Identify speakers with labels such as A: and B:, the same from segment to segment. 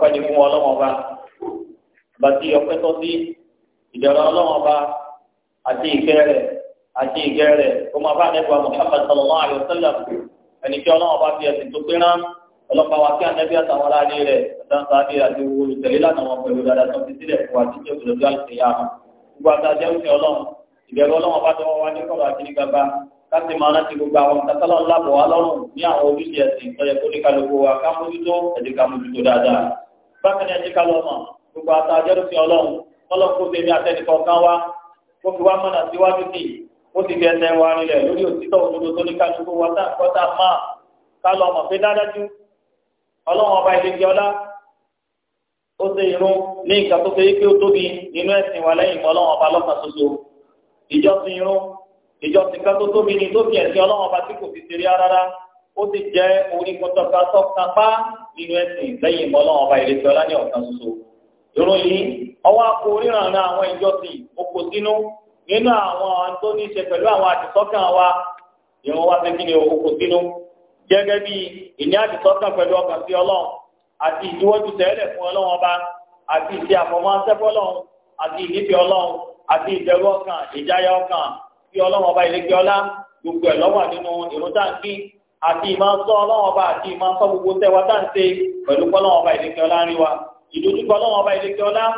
A: ọpẹ́ ni fún ọlọ́wọ́n ọba bàtí ọpẹ́ tó sí ìdẹ̀rọ ọlọ́wọ́n ọba àti ìkẹ́ rẹ̀ àti ìkẹ́ rẹ̀ bá nẹ́gbà Muhammad sallallahu alayhi wa sallam ẹni tí ọlọ́wọ́n ọba fi ẹ̀sìn tó pé rán ọlọ́pàá wa kí ànẹ́bí àtàwọn aláàdé rẹ̀ àtàǹtà àti àti olùtẹ̀lé lánàá pẹ̀lú dáadáa tó ti sílẹ̀ fún wa títí òdòdó àti ìyá wọn. gbogbo àtàjẹ́ òsì ọlọ́run ìbẹ̀rù ọlọ́run bá tọwọ́ wa ní kọ̀rọ̀ àti ní gbàgbá láti máa rántí gbogbo àwọn kátàlọ́ ńlá bọ̀ wá lọ́rùn ní àwọn ojúṣe ẹ̀sìn tọ́jẹ́ kó ní kálukú wa ká mójútó ẹ̀dí mójútó dáadáa bákan ní ẹjẹ kálọ ọmọ gbogbo àtàjẹrù sí Ọlọ́run Ọlọ́run kó tèmi àtẹnìkọ kan wá kó fi wá mọnà síwájú sí ó ti fi ẹsẹ̀ wa rinlẹ̀ lórí òtítọ́ òdodo tó ní kálukú wọn tá nǹkan tá a máa kálọ ọmọ pé dáadájú Ọlọ́run ọba ilé ti ọlá ó ṣe irun ní nǹkan tó ṣe pé ó tóbi nínú ẹsìn wa lẹ́yìn Ọlọ́run ọba lọkàn ṣoṣo ìjọsìn irun ìjọsìn kan tó tóbi ní tó fi Ọlọ́run ọba tí kò fi ṣeré rárá ó ti jẹ orí kọtọkatọ kápá nínú ẹ̀sìn lẹ́yìn mọ́lọ́wọ́ ọba ìrètí ọlá ní ọ̀kan ṣoṣo. ìròyìn ọwọ́ àpò ríran náà àwọn ìjọsìn oko sínú nínú àwọn tó ní ṣe pẹ̀lú àwọn àdìsọ́kàn wa ìwọ̀n wa ṣe kí ni oko sínú gẹ́gẹ́ bí ìní àdìsọ́kàn pẹ̀lú ọkàn sí ọlọ́run àti ìdíwọ́jú tẹ́lẹ̀ fún ọlọ́run ọba àti ìṣe àfọmọ́ sẹ́fọ́lọ́run àti ìnífẹ̀ẹ́ ọlọ́run àti ìdẹ̀rù ọkàn ìjáyà ọkàn sí ọlọ́run ọba ìlẹ́gbẹ́ ọlá gbogbo ẹ̀ lọ́wọ́ nínú àti ìmọ̀ sọ ọlọ́run ọba àti ìmọ̀ sọ gbogbo tẹ́wọ́ tá à ń ṣe pẹ̀lú pọ́lọ́run ọba ìdíkẹ́ ọlá ń rí wa ìdójúkọ ọlọ́run ọba ìdíkẹ́ ọlá ń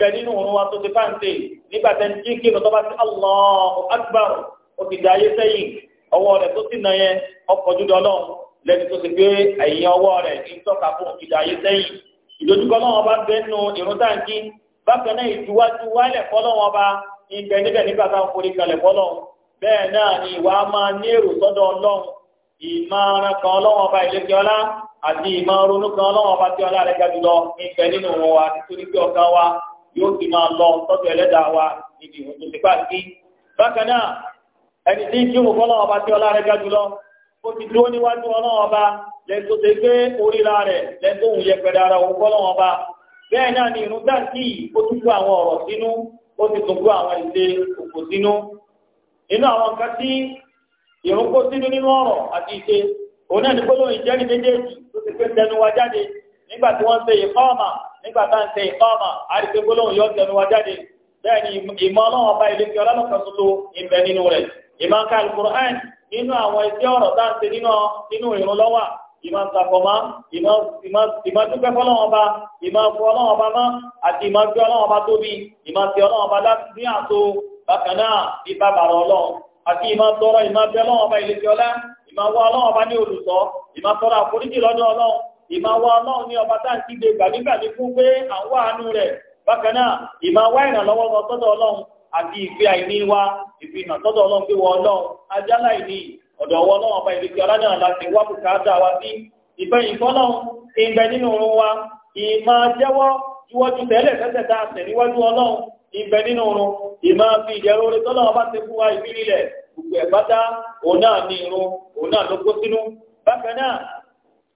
A: bẹ nínú òun wa tó ti fà ń ṣe nígbà tẹ́ ń jí kí lọ́tọ́ bá ti Allahu Akbar ó ti dá ayé sẹ́yìn ọwọ́ rẹ̀ tó sì nà yẹn ọkọ̀ jùlọ ọlọ́run lẹ́ni tó ti gbé ẹ̀yìn ọwọ́ rẹ̀ ní tọ́ka fún ti dá ayé sẹ́yìn ìdójúkọ ọlọ́run ń bẹ nínú ìrun tá ń jí bákan náà ìdíwájú wálẹ̀ fọlọ́run ń bẹ níbẹ̀ nígbà táwọn forí kalẹ̀ fọlọ́run bẹ́ẹ̀ náà ni ìwà máa ní èrò sọ́dọ̀ ọlọ́run ìmọ̀ràn kan ọlọ́wọ́n ọba ìlẹ́kẹ́ ọlá àti ìmọ̀ràn ronú kan ọlọ́wọ́n ọba tí ọlá rẹ̀ ga jùlọ ìfẹ́ nínú wọn wa nítorí pé ọkàn wa yóò ti máa lọ tọ́jú ẹlẹ́dàá wa níbi ìwọ̀n tó ti bá sí. bákan náà ẹni tí ń kí òun fọlọ́wọ́n ọba tí ọlá rẹ̀ ga jùlọ ó ti dúró níwájú ọlọ́wọ́n ọba lẹ́nu ṣe pé oríra rẹ̀ lẹ́nu òun fọlọ́wọ́n ọba ni ìrún dáǹtì ó tún kó àwọn ọ̀rọ̀ sínú ó ti tún kó àwọn ìṣe òkò ìrún kó sínú nínú ọ̀rọ̀ àti ìṣe òun náà ní gbólóhùn ìjẹ́rìí méjèèjì tó ti pé tẹnu wa jáde nígbà tí wọ́n ń ṣe ìkọ́ọ̀mà nígbà tá à ń ṣe ìkọ́ọ̀mà á rí pé gbólóhùn yọ tẹnu wa jáde bẹ́ẹ̀ ni ìmọ̀ ọlọ́run ọba ilé fi ọlọ́lọ́kan tó lo ìbẹ̀ nínú rẹ̀ ìmọ̀ ká alukur'an nínú àwọn ẹgbẹ́ ọ̀rọ̀ tá à ń ṣe nínú ìrún lọ́wà ìmọ̀ ṣàfọ̀mọ́ ìmọ̀ dúpẹ́ fọlọ́run ọba ìmọ̀ fọ ọba àti ìmọ̀ tọrọ ìmọ̀ bẹ lọ́wọ́ ọba ìlẹ̀kẹ́ ọlá ìmọ̀ ọlọ́wọ́ ọba ní olùsọ ìmọ̀ tọrọ àforíjì lọ́dọ̀ ọlọ́run ìmọ̀ wá ọlọ́run ní ọba tá à ń kígbe gbàgbégbàgbé fún pé à ń wá àánú rẹ̀ bákan náà ìmọ̀ wá ìrànlọ́wọ́ lọ sọ́dọ̀ ọlọ́run àti ìgbé àìní wa sọ́dọ̀ ọlọ́run pé ọba náà láti wá bùkátà wa sí ìgbẹ́ nínú a tẹ̀ níwájú ọlọ́run ìbẹ nínú irun ìmọ̀ fi ìjẹun orí tọ́lá ọba ti fún wa ìbílẹ̀ gbogbo ẹ̀ pátá òun náà ní irun òun náà ló kó sínú bákan náà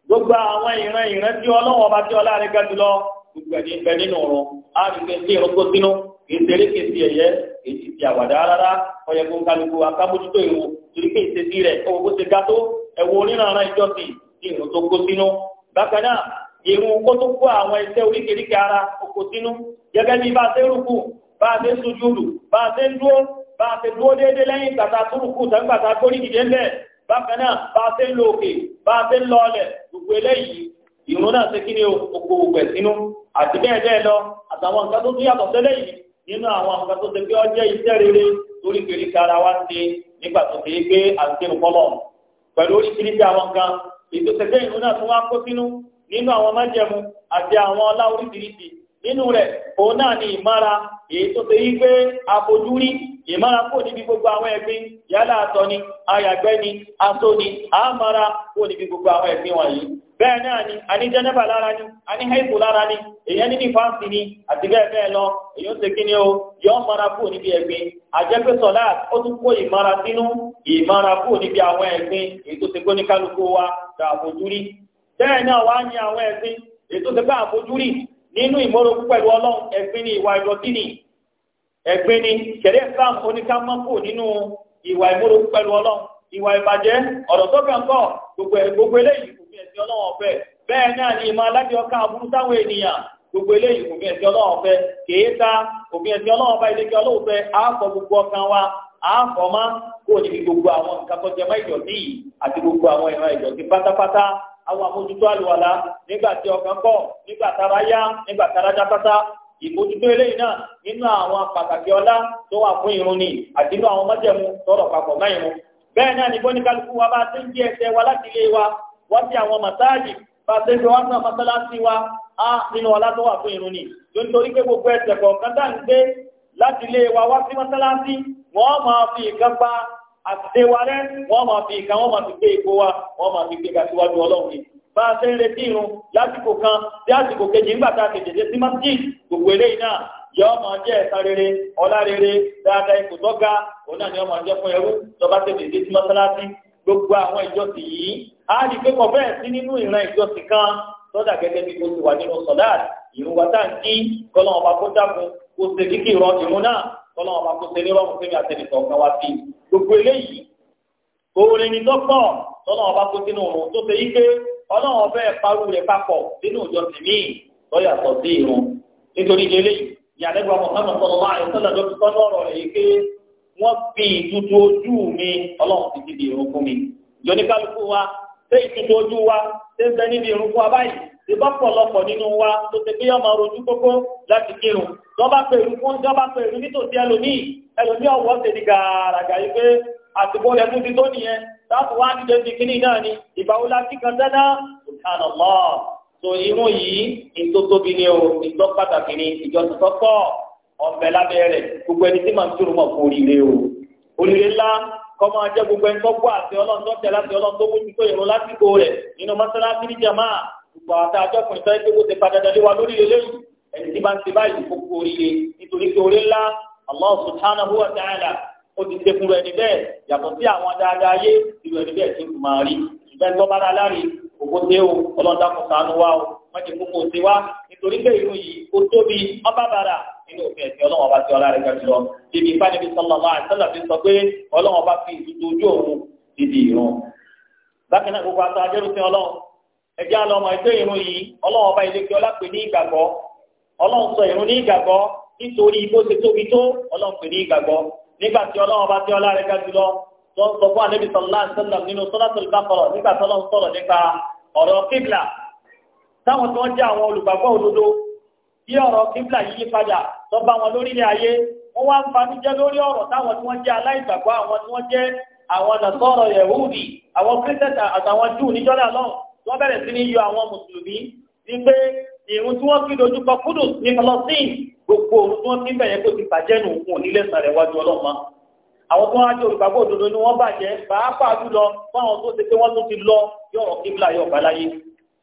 A: gbogbo àwọn ìran ìran tí ọlọ́wọ́n ọba tí ọlá rẹ̀ ga jùlọ gbogbo ẹ̀ ní ìbẹ nínú irun á rí pé tí irun kó sínú ìṣeré kèsì ẹ̀yẹ èyí ti àwàdà rárá ọyẹ kó kálukú akábójútó ìwò torí pé ìṣesí rẹ̀ owó kó ti ga tó ẹ̀wọ̀ oníranran ìjọsìn tí irun tó kó sínú bákan náà irun kó tó kó àwọn iṣẹ́ oríkèéríkèé ara kó sínú gẹ́gẹ́ bí bá a ṣe rúkú bá a ṣe ń sojúdù bá a ṣe ń dúó bá a ṣe dúó déédéé lẹ́yìn gbàtà túrùkù tàbí gbàtà kórì dìde ńlẹ̀ bákan náà bá a ṣe ń lo òkè bá a ṣe ń lọ ọlẹ̀ gbogbo eléyìí ìrún náà ṣe kí ni oko ògbẹ̀ sínú àti bẹ́ẹ̀ bẹ́ẹ̀ lọ àtàwọn nǹkan tó tún yàtọ̀ tẹ́lẹ̀ yìí nínú àwọn nǹkan tó ṣe pé ó jẹ́ iṣẹ́ rere lórí kèríkà ara wa ṣe nígbà tó ṣe é àṣìṣe fọlọ́ pẹ̀lú oríṣiríṣi àwọn nǹkan ètò ṣẹ̀ṣẹ̀ ìrún náà tún wá kó sínú nínú àwọn májẹ̀mú àti àwọn ọlá oríṣiríṣi nínú rẹ̀ òun náà ni ìmára èyí tó ṣe wípé àfojúrí ìmára kò níbi gbogbo àwọn ẹ̀gbin yálà àtọ̀ ni ayàgbẹ́ ni aṣọ ni àmàrà kò níbi gbogbo àwọn ẹ̀gbin wọ̀nyí bẹ́ẹ̀ náà ni a ní jẹ́nẹ́bà lára ni a ní haifu lára ni èyàn ní ni àti bẹ́ẹ̀ bẹ́ẹ̀ lọ ṣe kí ni o yọ mara kúrò níbi ẹ̀gbin àjẹpẹ́ sọ̀lá ó tún kó ìmara sínú ìmara kúrò níbi àwọn ẹ̀gbin èyí tó ṣe wa àfojúrí bẹ́ẹ̀ náà wá ní àwọn ẹ̀gbin èyí tó ṣe àfojúrí nínú ìmọ̀rọ̀kú pẹ̀lú ọlọ́run ẹ̀gbin ni ìwà ìdọ̀tí ni ẹ̀gbin ni ṣẹ̀ríà Islam oníkàmọ́kù nínú ìwà ìmọ̀rọ̀kú pẹ̀lú ọlọ́run ìwà ìbàjẹ́ ọ̀rọ̀ tó kàn kọ́ gbogbo eléyìí kò fi ẹ̀sìn ọlọ́run ọ̀fẹ́ bẹ́ẹ̀ náà ni ìmọ̀ gbogbo eléyìí kò fi ẹ̀sìn ọlọ́run ọ̀fẹ́ kèé ọba ilé kí ọlọ́run fẹ́ àáfọ̀ gbogbo ọkàn wa àáfọ̀ má kó gbogbo àwọn nǹkan tó jẹ gbogbo àwọn ìran àwọn àmójútó àlùwàlá nígbà tí ọkàn pọ̀ nígbà tára yá nígbà tára já pátá ìmójútó eléyìí náà nínú àwọn pàtàkì ọlá tó wà fún irun ni àti inú àwọn májẹ̀mú tọrọ papọ̀ mọ́ irun bẹ́ẹ̀ náà ni bọ́níkálukú wa bá ti ń jẹ́ ẹsẹ̀ wa láti ilé wa wọ́n ti àwọn màsáàjì bá ti fi wọ́n náà mọ́sálásí wa á nínú ọlá tó wà fún irun ni nítorí pé gbogbo ẹsẹ̀ kọ̀ọ̀kan dá ń gbé láti ilé wa wá sí mọ́sálásí wọ́n máa fi ìkan pa àtìṣe wa rẹ wọ́n ma fi ìka wọ́n ma fi gbé ipò wa wọ́n ma fi gbéga síwájú ọlọ́run ni bá a ṣe ń retí irun lásìkò kan tí àsìkò kejì nígbà tá a tètè dé sí gbogbo eléyìí iná yọ máa jẹ ẹ̀san rere ọlá rere dáadáa ipò tó ga òun náà ni ọmọ ọjọ́ gbogbo àwọn ìjọsìn yìí a rí pé kò bẹ́ẹ̀ sí kan sọ́dà gẹ́gẹ́ bí ti wà nínú ìrún wa ń kí kó dákun kó kíkì gbogbo eléyìí orin ni lọ́pọ̀ lọ́nà ọba tó sínú òun tó ṣe yí pé ọlọ́run ọbẹ̀ parú rẹ̀ papọ̀ sínú ìjọ tèmí lọ́yàtọ̀ sí irun nítorí eléyìí ní àdẹ́gbà mọ̀sánà sọ̀rọ̀ máa ń sọ̀rọ̀ lọ́dún sọ́nà ọ̀rọ̀ rẹ̀ yìí pé wọ́n fi ìtutù ojú mi ọlọ́run ti di irun fún mi ìjọ ní kálukú wa ṣé ìtutù ojú wa ṣé ń bẹ níbi irun fún wa báyìí ìbá pọ̀lọpọ̀ nínú wa tó ti pé ọmọ rojú kókó láti kírun lọ́ba pẹ̀lú fún jọba pẹ̀lú nítòsí ẹlòmíì ẹlòmíì ọ̀wọ́ ṣe ní gàràgà yìí pé àsìkò rẹ̀ fún ti tó nìyẹn láti wá nílé ti kíní náà ni ìgbà wo láti kan dáná subhanallah tó inú yìí ètò tóbi ni o ìjọ pàtàkì ni ìjọ tuntun kọ́ ọ̀bẹ lábẹ́ rẹ̀ gbogbo ẹni tí màá ń mọ̀ fún oríire o oríire ńlá kọ́mọ ajẹ́ gbogbo ẹni tó gbọ́ àti ọlọ́run gbogbo àwọn àjọ kan sọ pé kó ti padà dalé wa lórí eléyìí ẹni tí bá ń ṣe báyìí kó kú oríire nítorí pé orí ńlá Allah subhanahu wa ta'ala ó ti ṣe fún ẹni bẹ́ẹ̀ yàtọ̀ sí àwọn dáadáa yé irú ẹni bẹ́ẹ̀ ti máa rí ṣùgbọ́n tó bá dá láre òkú tẹ o ọlọ́dà kò sànù wa o wọ́n ti kú kó ṣe wá nítorí pé irú yìí ó tóbi ọba bàrà nínú òfin ẹ̀sìn ọlọ́wọ́n bá ti ọlá rẹ̀ gàdú lọ bíbí ìfánibí sallallahu alaihi fi sọ pé ọlọ́wọ́n bá fi ìdúdú ojú òun dídì ìrún. bákan náà gbogbo àtàjẹ́rù sí ọlọ́run ẹjẹ́ àlọ́ ọmọ ẹgbẹ́ ìrun yìí ọlọ́run ọba ìlẹ́kẹ́ ọlápẹ̀ ní ìgbàgbọ́ ọlọ́run sọ ìrun ní ìgbàgbọ́ nítorí bó ṣe tóbi tó ọlọ́run pè ní ìgbàgbọ́ nígbà tí ọlọ́run ọba tí ọlá rẹ̀ ga jùlọ tó ń sọ fún ànábì sallallahu alaihi wasallam nínú suratul Baqara nígbà tó lọ́n sọ̀rọ̀ nípa ọ̀rọ̀ kíbla táwọn tó ń jẹ́ àwọn olùgbàgbọ́ òdodo bí ọ̀rọ̀ kíbla yìí padà tó bá wọn lórílẹ̀ ayé wọ́n wá ń fanújẹ́ lórí ọ̀rọ̀ táwọn tí wọ́n jẹ́ aláìgbàgbọ́ àwọn tí wọ́n jẹ́ àwọn nàṣọ́rọ̀ yẹ̀wúdì àwọn kírísítẹ̀tà àtàwọn júù níjọ́lá lọ́wọ́ wọ́n bẹ̀rẹ̀ sí ní yọ àwọn mùsùlùmí ní pé ìrun tí wọ́n fi dojúkọ kúdù ní palestine gbogbo ohun tí wọ́n ti bẹ̀yẹn kó ti bàjẹ́ nù fún onílẹ̀sàn rẹ̀ wájú ọlọ́mọ àwọn tó wájú olùgbàgbọ́ òdodo ni wọ́n bàjẹ́ pàápàá jùlọ fáwọn tó ṣe pé wọ́n tún ti lọ yọ̀rọ̀ kíbla yọ̀ báláyé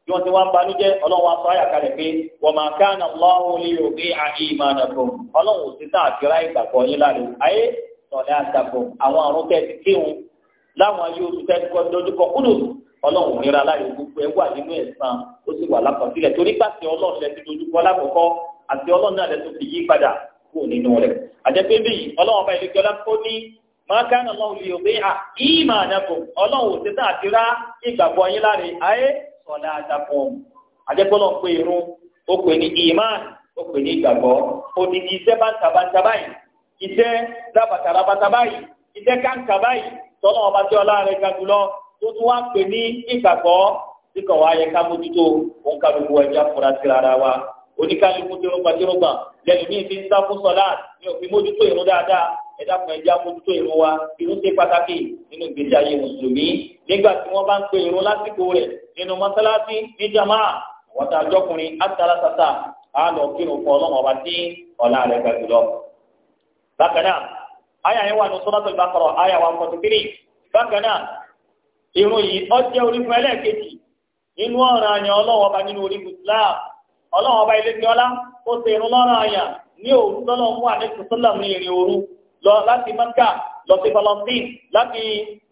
A: bí wọ́n ti wá ń banú jẹ́ ọlọ́run aṣọ àyà kalẹ̀ pé wa ma kana Allahu li yudi'a imanakum ọlọ́run ò sí tá àfírá ìgbàgbọ́ yín láre ayé sọ̀lẹ́ àtàkùn àwọn àrùn tẹ́ẹ̀tì kéwọn láwọn ayé oṣù tẹ́ẹ̀tì kọ́ dojúkọ kúdù ọlọ́run nira láyé gbogbo ẹ wà nínú ẹ̀sán ó sì wà lákọsílẹ̀ torí pàṣẹ ọlọ́run lẹ́sìn dojúkọ lákòókò àti ọlọ́run náà lẹ́sìn fi yí padà kúrò nínú rẹ̀. àjẹpẹ́ bíi ọlọ́run ọba ìlẹ́kẹ́ ọlá kó ní máa ká náà lọ́hùn lè òbí à yìí máa nàkó ọlọ́run òsè tá àti rá ìgbàgbọ́ yín láre ayé sọ̀dá àdàpọ̀. àjẹpẹ́ ọlọ́run pé irun ó pè ní tó tún wá pè ní ìgbàgbọ́ tí kò wá yẹ ká mójútó òun kálukú ẹja fura sí ara wa oníkálukú tí rúgbà tí rúgbà lẹ́nu ní ìfi ń sá fún sọlá ní òfin mójútó ìrun dáadáa ẹ̀dá kan ẹja mójútó ìrun wa ìrun ṣe pàtàkì nínú ìgbésí ayé mùsùlùmí nígbà tí wọ́n bá ń pe ìrun lásìkò rẹ̀ nínú mọ́sálásí ní jamaa wọ́n ta jọkùnrin átara tata á lọ kírun fún ọlọ́run ọba tí ọ̀la rẹ̀ gbà jùlọ. bákan náà àyà yẹn wà ní suratul Baqara àyà 143 bákan náà irun yìí ọjẹ́ orígun ẹlẹ́ẹ̀kejì nínú ọ̀ràn àyàn ọlọ́wọ́ ọba nínú orígun islam ọlọ́wọ́ ọba ilé fiọ́lá ó ṣe irun lọ́ràn àyàn ní òru lọ́nà mú àdéhùn sọ́lá ní ìrìn òru lọ láti mẹ́kà lọ sí Palestine láti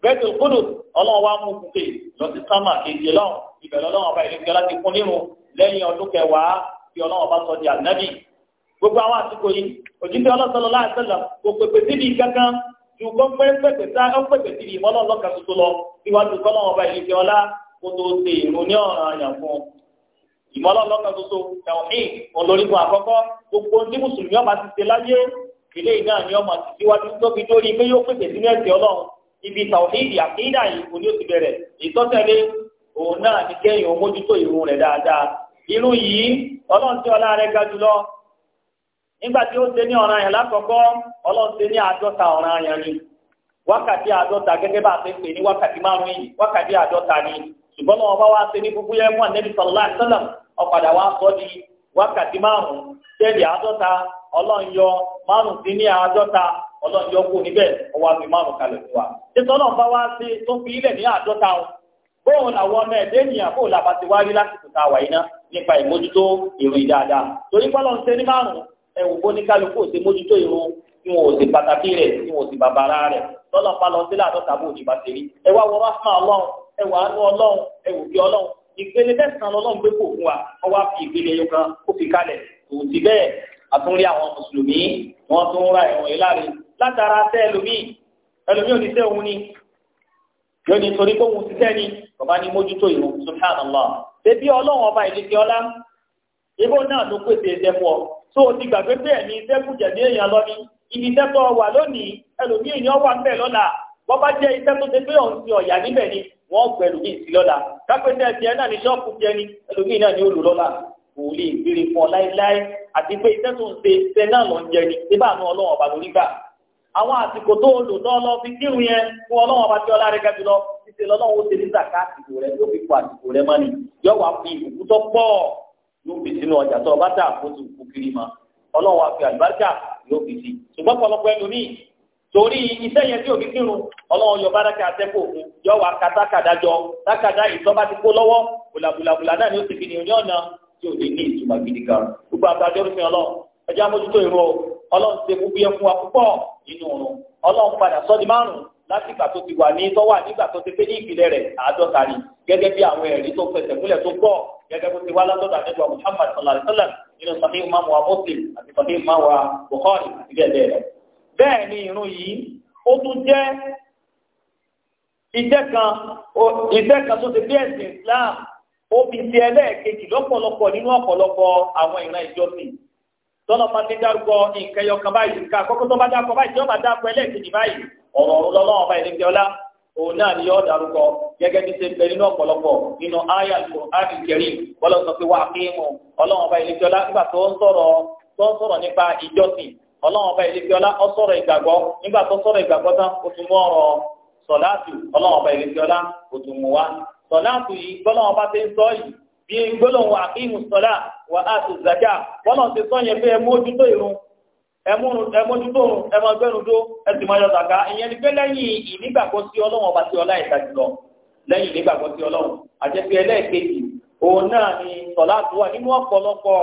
A: bẹ́tùl kúdùs ọlọ́wọ́ wa mú kùtè lọ sí sámà kejì lọ́hùn ìbẹ̀rẹ̀ ọlọ́wọ́ ọba ilé fiọ́lá ti kún nírun lẹ́yìn ọdún kẹwàá tí ọlọ́wọ́ ọba sọ di ànábì gbogbo àwọn àsìkò yìí òjijì ṣùgbọ́n pé pẹ̀tẹ̀ tá ó pẹ̀tẹ̀ sí ìmọ̀ náà lọ́kàn tuntun lọ síwájú kọ́lọ́ ọba ìlú ti ọlá kó tó ṣe ìrún ní ọ̀ràn àyàn fún un. ìmọ̀ náà lọ́kàn tuntun tàwọ̀mí olórígun àkọ́kọ́ gbogbo ní mùsùlùmí ọba ti ṣe láyé ilé iná ni ọmọ ti síwájú tó fi dórí pé yóò pèsè sínú ẹ̀sìn ọlọ́run ibi tàwọ̀mí àkídà yìí nígbà ti ó ṣe ní ọ̀ràn yẹn lákọ̀ọ́kọ́ ọlọ́run ṣe ní àádọ́ta ọ̀ràn yẹn ni wákàtí àádọ́ta gẹ́gẹ́ bá a ṣe pè ní wákàtí márùn-ún yìí wákàtí àádọ́ta ni ṣùgbọ́n náà ọba wa ṣe ní kúkú yẹn mú ànẹ́bí ọ̀padà wa sọ di wákàtí márùn-ún tẹ́lẹ̀ àádọ́ta ọlọ́run yọ márùn-ún sí ní àádọ́ta ọlọ́run yọ kú níbẹ̀ ọwọ́ àfi márùn-ún bóun làwọn ọmọ ènìyàn bóun làbàtí a nípa ìmójútó torí ṣe ní ẹ̀wù bó ní kálukú òsè mójútó ìrun tí wọn ò sì pàtàkì rẹ̀ tí wọn ò sì bàbàrà rẹ̀ lọ́lọ́pá lọ sí láàdọ́ta bó ní bàtẹ́rí ẹ wá wọ ráfà ọlọ́run ẹ wà ánú ọlọ́run ẹ wù bí ọlọ́run ìpele mẹ́sàn-án ọlọ́run gbé kò fún wa wọ́n wá fi ìpele yóò kan ó fi kalẹ̀ òun ti bẹ́ẹ̀ àtúnrí àwọn mùsùlùmí wọ́n tún ra ẹ̀wọ̀n yìí láre látara tẹ́ ẹlòmíì ẹlòmíì ò ní tẹ́ òun ni yóò ní torí kóhun ti tẹ́ ni bàbá ni mójútó ìrun subhanallah ṣe bí ọlọ́run ọba ìdíje ọlá ibó náà ló pèsè ẹ̀jẹ̀ fún ọ so ti gbàgbé pé ẹ̀mí iṣẹ́ kù jẹ̀dí èèyàn lọ ni ibi iṣẹ́ tó wà lónìí ẹlòmíì ni wà ń bẹ̀ lọ́la wọ́n bá jẹ́ iṣẹ́ tó ṣe ti ọ̀yà níbẹ̀ ni wọ́n gbẹ ẹlòmíì sí lọ́la kápẹ́tẹ́ tiẹ̀ náà ni ṣọ́ọ̀kù jẹ ni ẹlòmíì náà ni ó lò lọ́la kò lè àti pé iṣẹ́ tó ṣe iṣẹ́ náà lọ ń jẹ ni ṣé bá ọlọ́run o lò kiri ma ọlọ́run àfi àlùbáríkà yóò fi sí ṣùgbọ́n pọ̀lọpọ̀ ẹlòmíì torí iṣẹ́ yẹn tí òbí kírun ọlọ́run yọ bárakẹ́ atẹ́kọ̀ọ́ fún yọ wà kátàkàdájọ tákàdá ìtọ́ba ti kó lọ́wọ́ bùlàbùlàbùlà náà ni ó ti fi nìyọ ní ọ̀nà tí ò ní ní ìtumọ̀ gidi kan gbogbo àgbàjọ rúfin ọlọ́run ẹjẹ́ amójútó ìró ọlọ́run ṣe gbogbo yẹn fún wa púpọ̀ nínú òrùn ọlọ́run padà sọ́ọ́dì márùn-ún láti ìgbà tó ti wà ní tọ́wà nígbà tó ti pé ní ìpìlẹ̀ rẹ̀ àádọ́ta ni gẹ́gẹ́ bí àwọn ẹ̀rí tó fẹsẹ̀ múlẹ̀ tó pọ̀ gẹ́gẹ́ bó ti wá látọ̀dọ̀ àdéjọ Muhammad sallallahu alaihi wasallam nínú sahih imam wa Muslim àti sahih imam wa Bukhari àti bẹ́ẹ̀ bẹ́ẹ̀ lọ. bẹ́ẹ̀ ni irun yìí ó tún jẹ́ iṣẹ́ kan iṣẹ́ kan tó ti bí ẹ̀sìn Islam ó fi ti ẹlẹ́ẹ̀kejì lọ́pọ̀lọpọ̀ nínú ọ̀pọ̀lọpọ̀ àwọn ìran ìjọsìn tọ́lọ́ máa ti dárúkọ nǹkan ẹyọ kan báyìí ká kọ́kọ́ tó bá dákọ̀ báyìí tí wọ́n bá dákọ̀ ẹlẹ́ẹ̀kejì báyìí ọ̀rọ̀ ọ̀rọ̀ lọ́wọ́ ọba ìrìnkẹ́ ọlá òun náà ni yóò darúkọ gẹ́gẹ́ bí ṣe ń nínú ọ̀pọ̀lọpọ̀ nínú aya al-Qur'an al-Karim bọ́lá sọ pé wà á pé mu ọlọ́run ọba ìlẹ́jọ́lá nígbà tó ń sọ̀rọ̀ tó ń sọ̀rọ̀ nípa ìjọsìn ọlọ́run ọba ìlẹ́jọ́lá ó sọ̀rọ̀ ìgbàgbọ́ nígbà tó sọ̀rọ̀ ìgbàgbọ́ tán ó tún mú ọ̀rọ̀ ọba tún mú yìí ti ń sọ yìí bí ẹmójútó ẹmọgbẹnudó ẹsì máa yọ zàká ìyẹn ni pé lẹ́yìn ìnígbàgbọ́ sí Ọlọ́run ọba tí ọlá ìta jùlọ lẹ́yìn ìnígbàgbọ́ sí Ọlọ́run àjẹsí ẹlẹ́ẹ̀kejì òun náà ni sọlá tó wà nínú ọ̀pọ̀lọpọ̀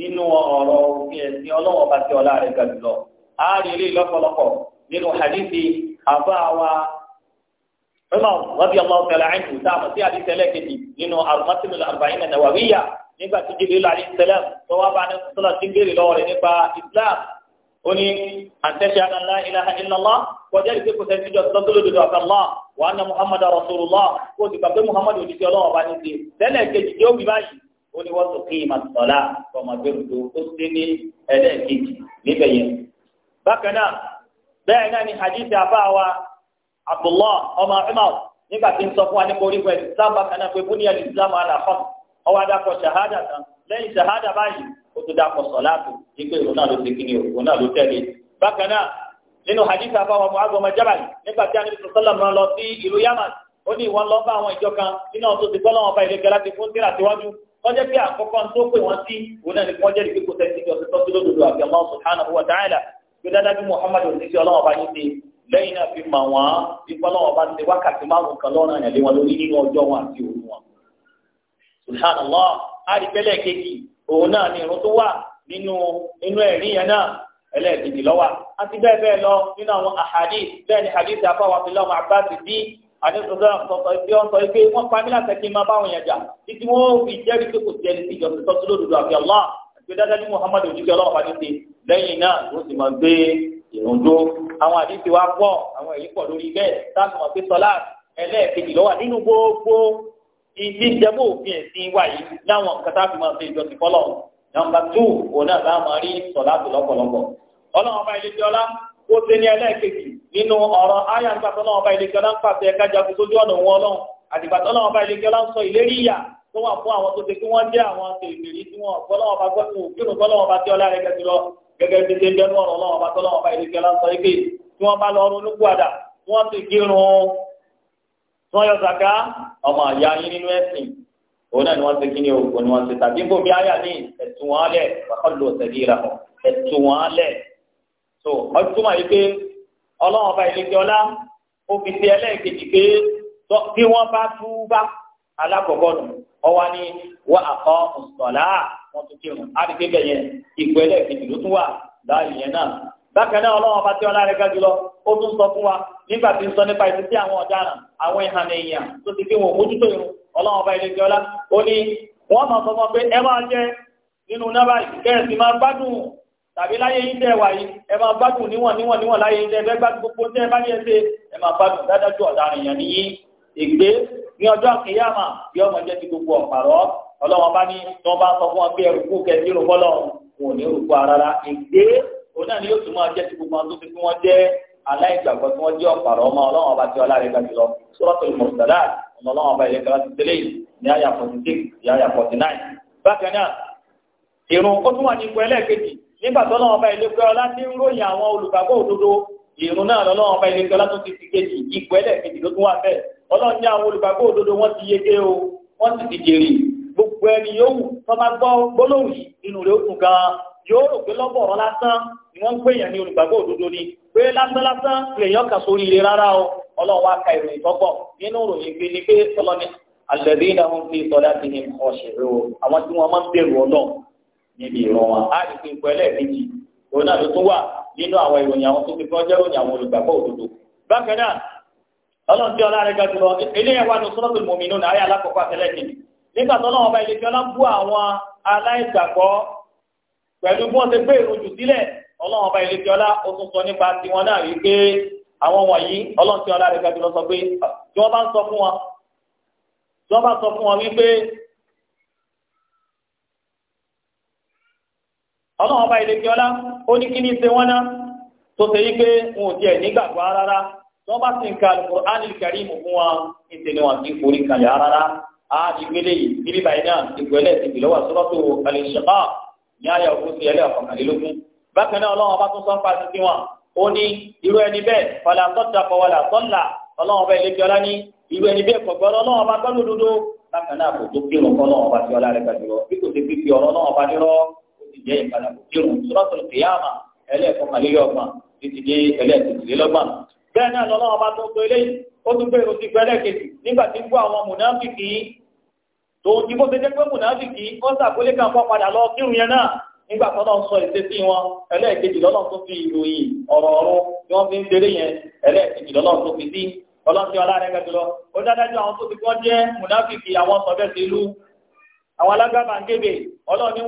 A: nínú ọ̀rọ̀ òfin ẹ̀sìn Ọlọ́run ọba tí ọlá rẹ̀ ga jùlọ a rí ilé lọ́pọ̀lọpọ̀ nínú hadithi àbáwa Umar radiyallahu ta'ala anhu táàmù sí àdìsí ẹlẹ́ẹ̀kejì nínú àrùmọ́tìmù àrùbáyìn nígbà tí Jibril alayhi salam tó wá bá ní sọ́lá tí ń béèrè lọ́wọ́ rẹ̀ nípa Islam ó ní àtẹ̀sẹ̀ àdàlá ilaha illallah kọjá ìgbé kò sẹ́ni tíjọ tó dúró dodo àfẹ́lá wà á na Muhammad rasulullah kó o ti gbàgbé Muhammad òjijì ọlọ́wọ́ bá ní ti tẹ́lẹ̀ kejì tí ó wí báyìí ó ní wọ́n tó kí ìmọ̀ sọ́lá tọmọdéwòdò ó sì ní ẹlẹ́ẹ̀kejì níbẹ̀ yẹn. bákan náà bẹ́ẹ̀ náà ni ọwọ́ adakọ̀ ṣahada kan lẹ́yìn ṣahada báyìí ó tún dakọ̀ sọ̀láàtù ìpè òun náà ló ti kíni òun náà ló tẹ̀lé bákan náà nínú hadith afáwọn ọmọ agbọmọ jabal nígbà tí anabi sọsọlá mọ lọ sí ìlú yaman ó ní ìwọ lọ bá àwọn ìjọ kan nínú ọtún ti gbọ́lọ́wọ́n ọba ìlẹ́kẹ̀ láti fún tíra síwájú kọjá pé àkọ́kọ́ tó pè wọ́n sí òun náà ní kí wọ́n jẹ́ ìdíkò tẹ̀sí ìjọ sí lẹ́yìn náà fi mà wọ́n ìfọlọ́wọ́n ọba ti wákàtí márùn-ún kan lọ́rùn àyànlé wọn lórí nínú ọjọ́ wọn àti òru subhanallah àríkẹ́lẹ̀ kejì òun náà ni irun tó wà nínú inú ẹ̀rí yẹn náà ẹlẹ́ẹ̀kejì lọ́wọ́ àti bẹ́ẹ̀ bẹ́ẹ̀ lọ nínú àwọn àhàdí bẹ́ẹ̀ ni àdí ìsàkọ́ àwọn àfihàn ọmọ àgbà ti dí àdéhùnsọ̀tọ̀ ìgbé ọ̀sọ̀ ìgbé wọ́n pa mí láti ẹ̀kí máa báwọn yẹn jà títí wọ́n fi jẹ́rìí pé kò sí ẹni tí ìjọsìn tọ́sí lódodo àfi Allah àti dáadáa ní Muhammad ojúkẹ́ ọlọ́wọ́ bá ní ṣe lẹ́yìn náà ló sì máa gbé ìrùndó àwọn àdéhùn wa pọ̀ àwọn èyí pọ̀ lórí bẹ́ẹ̀ táàmù ọ̀gbẹ́ sọlá ẹlẹ́ẹ̀kejì lọ́wọ́ nínú gbogbo ìdí jẹ́mú òfin ẹ̀sìn wà yìí láwọn nǹkan tá a fi máa ṣe ìjọsìn fọlọ́ nọ́mbà tú òun náà láà máa rí sọ̀lá tó lọ́pọ̀lọpọ̀ ọlọ́run ọba ilé jọlá ó ṣe ní ẹlẹ́ẹ̀kejì nínú ọ̀rọ̀ ayé àgbàtọ́ náà ọba ilé jọlá ń pàṣẹ kájà kó sójú ọ̀nà òun ọlọ́run àtìgbàtọ́ náà ọba ilé jọlá ń sọ ìlérí ìyà tó wà fún àwọn tó ṣe kí wọ́n jẹ́ àwọn tèmírí tí wọ́n gbọ́lọ́wọ́ wọ́n yọ zaka ọmọ àyà yín nínú ẹ̀sìn òun náà ni wọ́n ṣe kíni òun ni wọ́n ṣe tàbí bò bí àyà ní ẹ̀tún wọn lẹ̀ wàhálà òṣèlú ìlà wọn ẹ̀tún wọn lẹ̀ tó ọdún tó máa yí pé ọlọ́run ọba ìlẹ́kẹ́ ọlá ó fi ṣe ẹlẹ́ẹ̀kejì pé bí wọ́n bá tú bá alákọ̀ọ́kọ́ nù ọwọ́ ni wọ́n àkọ́ ọ̀sọ̀lá wọn tún kírun á rí pé bẹ́ẹ̀ yẹn kejì ló tún wà láàyè náà bákan náà ọlọ́wọ́n bá tí ọlá rẹ̀ ga jùlọ ó tún sọ fún wa nígbà tí ń sọ nípa ìsísí àwọn ọ̀daràn àwọn ìhànà èèyàn tó ti fi wọn mójútó irun ọlọ́wọ́n bá ilé jọlá ó ní wọ́n máa sọ fún ọ pé ẹ máa jẹ nínú náà báyìí kẹ́ẹ̀sì máa gbádùn tàbí láyé yín tẹ́ wà yìí ẹ máa gbádùn níwọ̀n níwọ̀n níwọ̀n láyé yín tẹ́ fẹ́ gbádùn gbogbo tẹ́ ẹ bá ní ẹsẹ̀ ẹ máa gbádùn dájú òun náà ni yóò tún máa jẹ́ ti gbogbo àwọn tó fi fún wọn jẹ́ aláìgbàgbọ́ tí wọ́n jẹ́ ọ̀pàrọ̀ ọmọ ọlọ́run ọba tí ọlá rẹ̀ ga jùlọ Suratul Mursalat ọmọ ọlọ́run ọba ilẹ̀ kan ti tẹ́lẹ̀ yìí ní àyà forty six ní àyà forty nine. bákan náà ìrun ó tún wà ní ipò ẹlẹ́ẹ̀kejì nígbà tó ọlọ́run ọba ilẹ̀ kan láti ń ròyìn àwọn olùgbàgbọ́ òdodo ìrun náà lọ́lọ́run ọba ilẹ̀ kan látún ti fi kejì ipò ẹlẹ́ẹ̀kejì ló tún wà bẹ́ẹ̀ ọlọ́run ní àwọn olùgbàgbọ́ òdodo wọ́n ti yege o wọ́n sì ti jèrè gbogbo ẹni yòówù tó bá gbọ́ gbólóhùn yìí inú rẹ̀ ó kún gan-an yóò rò pé lọ́bọ̀rọ̀ lásán ni wọ́n ń pè yàn ní olùgbàgbọ́ òdodo ni pé lásán lásán kà sórí ire rárá o ọlọ́run wá ka ìròyìn tọ́pọ̀ nínú ìròyìn pé ni pé sọlọ ni àlẹ́bí náà ń fi sọdá ọ̀ṣẹ̀rẹ̀ o àwọn tí wọ́n máa ń níbi ìran wọn á rí pé méjì òun náà wà nínú àwọn ìròyìn àwọn pẹ̀lú bí wọ́n ti gbé ìrújú sílẹ̀ ọlọ́run ọba ilé fiọlá ó tún sọ nípa tiwọn náà rí pé àwọn wọ̀nyí ọlọ́run tí ọlá rẹ̀ fẹ́ jùlọ sọ pé tí wọ́n bá ń sọ fún wọn tí wọ́n bá sọ fún wọn wípé ọlọ́run ọba ilé fiọlá ó ní kí ní ṣe wọ́n náà tó ṣe yí pé wọn ò tiẹ̀ nígbàgbọ́ rárá tí wọ́n bá sì ń ka Al-Qur'anil Karim fún wọn níṣẹ́ ni wọn kì í forí kalẹ̀ rárá á ìgbélé yìí bíbí báyìí náà ìgbélé ti bìlọ́wà sọ́tò àlè ṣẹ́fà ní àyà òkú sí ẹlẹ́ ọ̀kọ̀kànlélógún bákan náà ọlọ́run ọba tó sọ ń pa títí wọn ó ní irú ẹni bẹ́ẹ̀ fàlà sọ́dà fọwọ́là sọ́là ọlọ́run ọba ilé fiọlá ní irú ẹni bẹ́ẹ̀ kọ̀gbọ́ ọlọ́run ọba tọ́lú dúdú bákan náà kò tó kírun kọ́ ọlọ́run ọba fiọlá rẹ̀ gbàdúrọ̀ bí kò ti fi fi ọ̀rọ̀ ọlọ́run ọba nírọ́ ó sì jẹ́ ìpadà kò kírun sọ́tọ̀ kìyàmà ẹlẹ́ẹ̀kọ̀kànlélọ́gbọ̀n títí dé ẹlẹ́ẹ̀kọ̀kànlélọ́gbọ̀n bẹ́ẹ̀ náà lọ́lọ́run ọba tó tó eléyìí ó tún bẹ̀rù sí pẹ́lẹ́kejì nígbà tí ń gbọ́ àwọn mùnáfíkì tòun ti bó ṣe jẹ́ pé mùnàfíkì wọ́n ṣàkólé kan fọ́ padà lọ kírun yẹn náà nígbà tó náà sọ ìṣesí wọn ẹlẹ́ẹ̀kejì lọ́nà tó fi ìròyìn ọ̀rọ̀ ọ̀run tí wọ́n fi ń ṣeré yẹn ẹlẹ́ẹ̀kejì lọ́nà tó fi sí ọlọ́sìn ọlárẹ́ gẹ́gẹ́ lọ ó dájú àwọn tó fi ni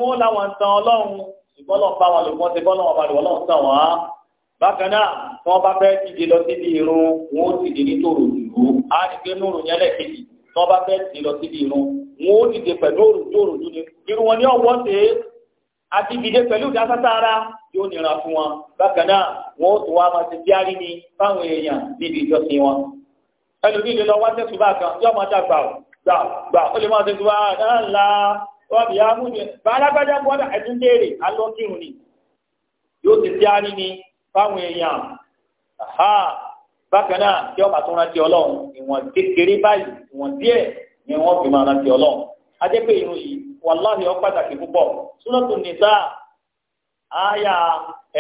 A: wọ́n láwọn ń tan ọlọ́run ṣùgbọ́n lọ́n bá wọn lò wọ́n ti bọ́ lọ́wọ́ balùwọ́ lọ́n tàn wọ́n á bákan náà tí wọ́n bá fẹ́ dìde lọ síbi irun wọn ó sì wọn ó dìde pẹ̀lú òrùjòrò lóde irun wọn ni ọwọ́ ṣe é àti dìde pẹ̀lú ìdásátára yóò nira fún wọn bákan náà wọn ó tó wá máa ti diárí ni fáwọn èèyàn níbi ìjọsìn wọn. ẹlòmíì lè lọ wá tẹ̀sù bá kan yóò máa dá gbà gbà ó lè máa tẹ̀sù ah, ah, bá náà la wọ́n bí amúnjẹ bàlágbájá bọ́dà ẹ̀dún léèrè alọ́kírun ni yóò ti diárí ni fáwọn èèyàn bákan náà yóò máa tún ni wọ́n fi máa rántí ọlọ́run ajẹ́ pé irun yìí wàláhì ọ pàtàkì púpọ̀ súrọ́tù nìsá àyà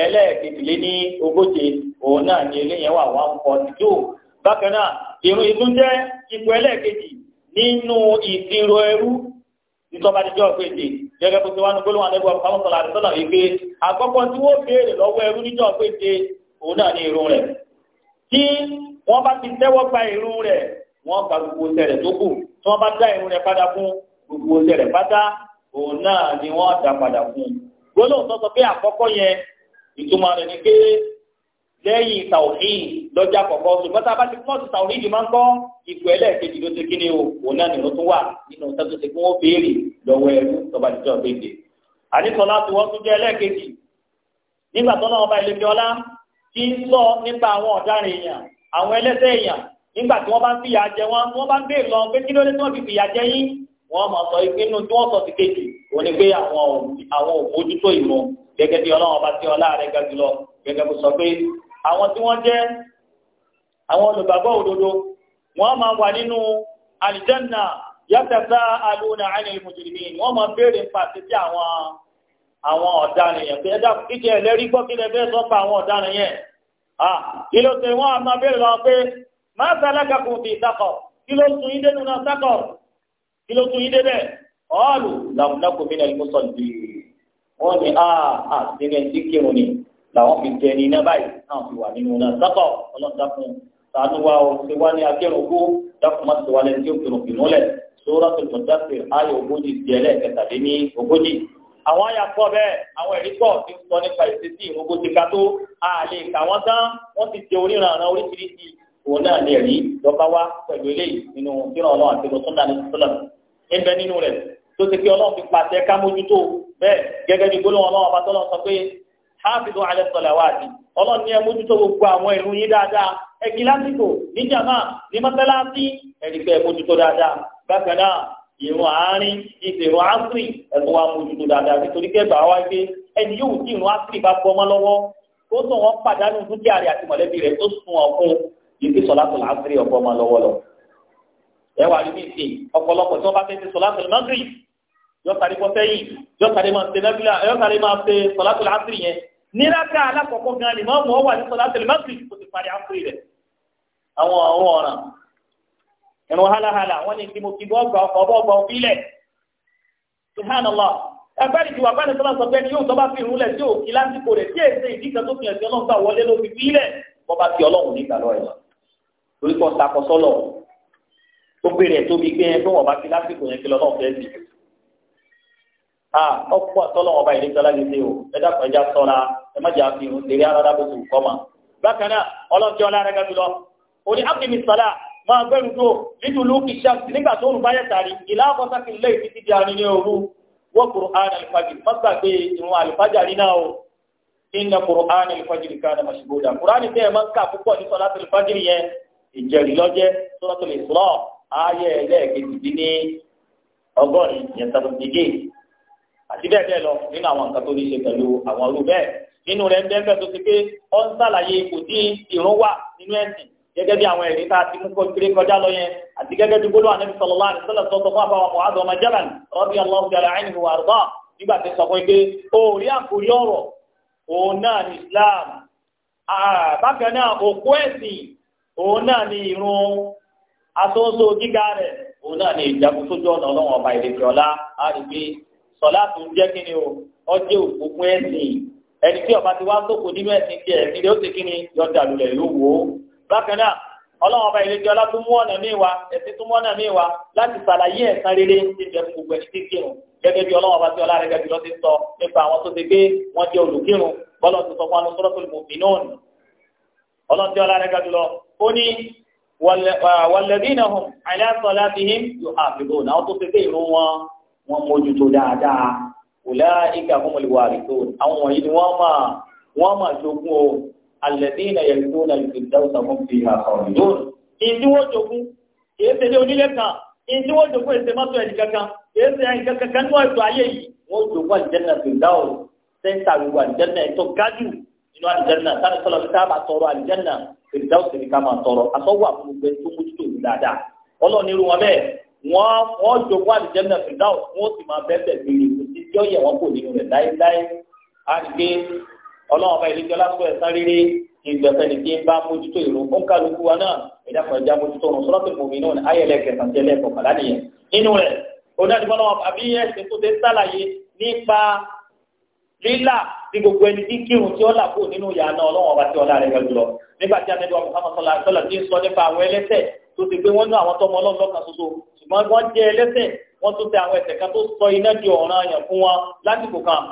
A: ẹlẹ́ẹ̀kejìlé ní ogóje òun náà ni eléyẹn wà one forty two bákan náà irun yìí jẹ ipò ẹlẹ́ẹ̀kejì nínú ẹrú gẹ́gẹ́ bó ti wá ní gbólóhùn àkọ́kọ́ tí wọ́n béèrè gba irun rẹ̀ wọ́n gba gbogbo tó kù tí wọ́n bá dá irun rẹ̀ padà fún gbogbo oṣù rẹ̀ pátá òun náà ni wọ́n dá padà fún gbólóhùn tó sọ pé àkọ́kọ́ yẹn ìtumọ̀ rẹ̀ ni pé lẹ́yìn tàwíì lọ́jà kọ̀ọ̀kan ṣùgbọ́n tá a bá ti pọ́ọ̀tù tàwíì di máa ń kọ́ ipò ẹlẹ́ẹ̀kejì ló ti kí ni o òun náà nìyẹn tún wà nínú sẹ́tù tí wọ́n béèrè lọ́wọ́ ẹrú tọ́ba ìjọ gbèdé. àníkọ́ láti wọ́n tún jẹ́ ẹlẹ́ẹ̀kejì nígbà tó náà ọba ìlẹ́kẹ́ ọlá ti ń sọ nípa àwọn ọ̀daràn èèyàn àwọn ẹlẹ́sẹ̀ èèyàn nígbà tí wọ́n bá ń fìyà jẹ wọn wọ́n bá ń béèrè lọ pé kí ló dé tí wọ́n fi fìyà jẹ yín wọ́n mọ̀ sọ pé inú tí wọ́n sọ ti kejì òun ni pé àwọn àwọn òbójútó ìmọ̀ gẹ́gẹ́ bí ọlọ́run ọba tí ọlá rẹ̀ ga jùlọ gẹ́gẹ́ bó sọ pé àwọn tí wọ́n jẹ́ àwọn olùgbàgbọ́ òdodo wọ́n máa wà nínú àlìjẹ́nà yàtẹ̀sá alóòna àìní mùsùlùmí wọ́n máa béèrè pàṣẹ sí àwọn àwọn ọ̀daràn yẹn pé ẹ̀dá kíkẹ́ ẹlẹ́rìí gbọ́kílẹ̀ fẹ́ sọ́pọ̀ àwọn ọ̀daràn yẹn. ìlọ́sẹ̀ ah, wọn máa béèrè lọ pé máa sálága kò fi sákọ̀ kí ló tún yín dénú náà sákọ̀ kí ló tún yín débẹ̀ ọ́ọ̀lù làwùdá kò mílẹ̀ sọ̀ dì wọ́n ní a àtìrẹ́ ti kírun ni làwọn fi jẹ ní iná báyìí náà fi wà nínú náà sákọ̀ ọlọ́dàkùn sànú wa o ṣe wá ní akérò kú dákùn má ti wà lẹ́ni tí ó kírun kì múlẹ̀ sóra tó tọ́jà sí ayé ogójì diẹlẹ̀ kẹtàléní ogójì àwọn ayàpọ̀ bẹ́ẹ̀ àwọn ẹ̀rí pọ̀ ti sọ nípa ìṣesí ìrúgbó àlè kà tán wọ́n ti jẹ oríran oríṣiríṣi òun náà lè rí lọ́ba wá pẹ̀lú eléyìí nínú kíran ọlọ́run àti lọ sọ́dà nínú sọ́dà níbẹ̀ nínú rẹ̀ tó ti kí ọlọ́run fi pàṣẹ ká mójútó bẹ́ẹ̀ gẹ́gẹ́ bí gbólóhùn ọlọ́run ọba tọ́lọ́ sọ pé hábìdó alẹ́ sọ̀lá wá sí ọlọ́run ní ẹ mójútó gbogbo àwọn ìrun yín dáadáa ẹ̀kí lásìkò níjàmá ní mọ́tẹ́láàsì ẹ̀ríkẹ́ mójútó dáadáa bákan náà ìrun àárín ìṣèrun áṣírì ẹ̀tún wa mójútó dáadáa nítorí kẹgbàá wá gbé ẹni yóò tí ìrun áṣírì bá bọ́ ọmọ lọ́wọ́ tó sọ wọn pàdánù dúkìá rẹ̀ àti mọ̀lẹ́bí rẹ̀ tó sun ọ̀kun yìí kí sọlá tó làásìrì ọkọ máa lọ́wọ́ lọ. ẹ wà ní ìsìn ọ̀pọ̀lọpọ̀ tí wọ́n bá fẹ́ ti sọlá tó làásìrì yọkàrí bọ́ sẹ́yìn yọkàrí máa ṣe nábìlà yọkàrí máa ṣe sọlá tó làásìrì yẹn níraka alákọ̀ọ́kọ́ gan ni máa mú ọ wà ní sọlá tó làásìrì kò ti parí àásìrì rẹ̀ àwọn àwọn ọ̀ràn ìrùn halahala wọ́n ní kí mo kí bọ́ ọgbà ọkọ̀ ọgbà òfìlẹ̀ subhanallah agbárí ìwà bá ní sọ́lá sọ pé ọlọ́run nígbà lọ́ọ̀ ẹ̀ torí kọ́ takọ sọ́lọ̀ ó gbé rẹ̀ tóbi pé ẹni tó wọ́n bá ti lásìkò yẹn kí lọ́nà fẹ́ẹ́ bì. ọkọ̀ àtọ́lọ̀ wọn bá ilé sọlá lè ṣe o ẹ dákun ẹja sọra ẹ má jẹ́ àfi irun tèrè alára bó ti wù kọ́ ma. bákan náà ọlọ́ọ̀tí ọlá rẹ̀ gàdúrà ó ní ápì mi máa gbẹ́rù tó nítorí ó kì nígbà tó rù báyẹ̀ tàrí ìlà àkọsákì lè fi ti di àárín ní òru wọ́n Qur'an al-fajr má gbàgbé ìrun al-fajr rí náà o inna Qur'an al-fajr kana mashhuda Qur'an tẹ́ ẹ máa ń kà púpọ̀ ní sọlá al ìjẹ̀rì lọ́jẹ́ Suratul Isra ayé ẹlẹ́ẹ̀kejì dín ní ọgọ́rin yẹn seventy eight àti bẹ́ẹ̀ bẹ́ẹ̀ lọ nínú àwọn nǹkan tó ní ṣe pẹ̀lú àwọn irú bẹ́ẹ̀ nínú rẹ̀ ń bẹ́ẹ̀ bẹ́ẹ̀ tó ti pé ó ń sàlàyé ipò tí ìrun wà nínú ẹ̀sìn gẹ́gẹ́ bí àwọn ẹ̀rí tá a ti mú kéré kọjá lọ yẹn àti gẹ́gẹ́ bí gbólóhàn Ànábì sallallahu alaihi wasallam tó fún àbáwọn Mu'adh ọmọ Jabal radiyallahu ta'ala anhu wa arda nígbà tí sọ pé òórí àkórí ọ̀rọ̀ òun náà ní Islam bákan náà òkú ẹ̀sìn òun náà ni ìrun asóńsó gíga rẹ̀ òun náà ni ìjagun sójú ọ̀nà ọlọ́run ọba ìrèké ọlá á rí pé sọlá tó ń jẹ́ kí ni o ọjọ́ òkùnkùn ẹ̀sìn ẹni tí ọba ti wá sóko nínú ẹ̀sìn tiẹ̀ ní ló ti kí ni yọjà lulẹ̀ yóò wò ó bákan náà ọlọ́run ọba ìrèké ọlá tún mú ọ̀nà míì wá ẹ̀sìn tún mú ọ̀nà míì wá láti ṣàlàyé ẹ̀san rere tí ń bẹ fún gbogbo ẹni tí kírun gẹ́gẹ́ bí ọlọ́run ọba ọlọ́tí ọlá rẹ̀ gàdúlọ ó ní walladhina hum ala salatihim yuhafizun àwọn tó ṣe pé ìrun wọn wọn mójútó dáadáa ulaika humul warithun àwọn wọ̀nyí ni wọ́n máa wọ́n máa jogún o alladhina yarithuna al-firdawsa hum fiha khalidun ìdí wọ́n jogún kìí ṣe ní onílé kan ìdí jogún èsè mọ́tò ẹ̀dì kankan kìí ṣe ẹ̀yìn kankan ní ayé yìí wọ́n jogún àlùjẹ́nà fìdáwò sẹ́ńtà nínú àlìjẹ́nà sani sọlọ ní káàmà tọrọ àlìjẹ́nà fèrèdáwò sì ní káàmà tọrọ àtọ́wò àfọwọ́gbẹ tó mójútó òun dáadáa ọlọ́ọ̀ni irú wọn bẹ́ẹ̀ wọ́n wọ́n jogún àlìjẹ́nà fèrèdáwò wọ́n sì máa bẹ́ẹ̀ bẹ́ẹ̀ béèrè kò sí tí ó yẹ wọn kò nínú rẹ̀ láéláé á rí pé ọlọ́wọ́n bá ìlẹ́jọ́ lásán ẹ̀ sáré rí ìgbẹ̀fẹ́ ni kí n bá mójútó ìlú ó ń kálukú wa náà ẹ̀dá kan ẹja mójútó ọ̀run sọ́dọ̀tì mòmìnira ní ayẹlẹ́ kẹsàn-án-jẹlẹ́ kọ̀ọ̀kan láti yẹn nínú rẹ̀ onídàájú bọ́lá wọn àbí ẹ̀sìn tó ti sálàyé nípa lílà ní gbogbo ẹni tí kírun tí ó là kó nínú ìyá náà ọlọ́wọ́n ọba tí ọlá rẹ̀ ga jùlọ nígbà tí anẹ́dùn Muhammad sọlá sọlá ti ń sọ nípa àwọn ẹlẹ́ṣẹ̀ tó ti pé wọ́n ní àwọn tọmọ ọlọ́run lọ́kàn ṣoṣo ṣùgbọ́n wọ́n jẹ́ ẹlẹ́ṣẹ̀ wọ́n tún tẹ àwọn ẹ̀ṣẹ̀ kan tó sọ iná di ọ̀ràn àyàn fún wọn lásìkò kan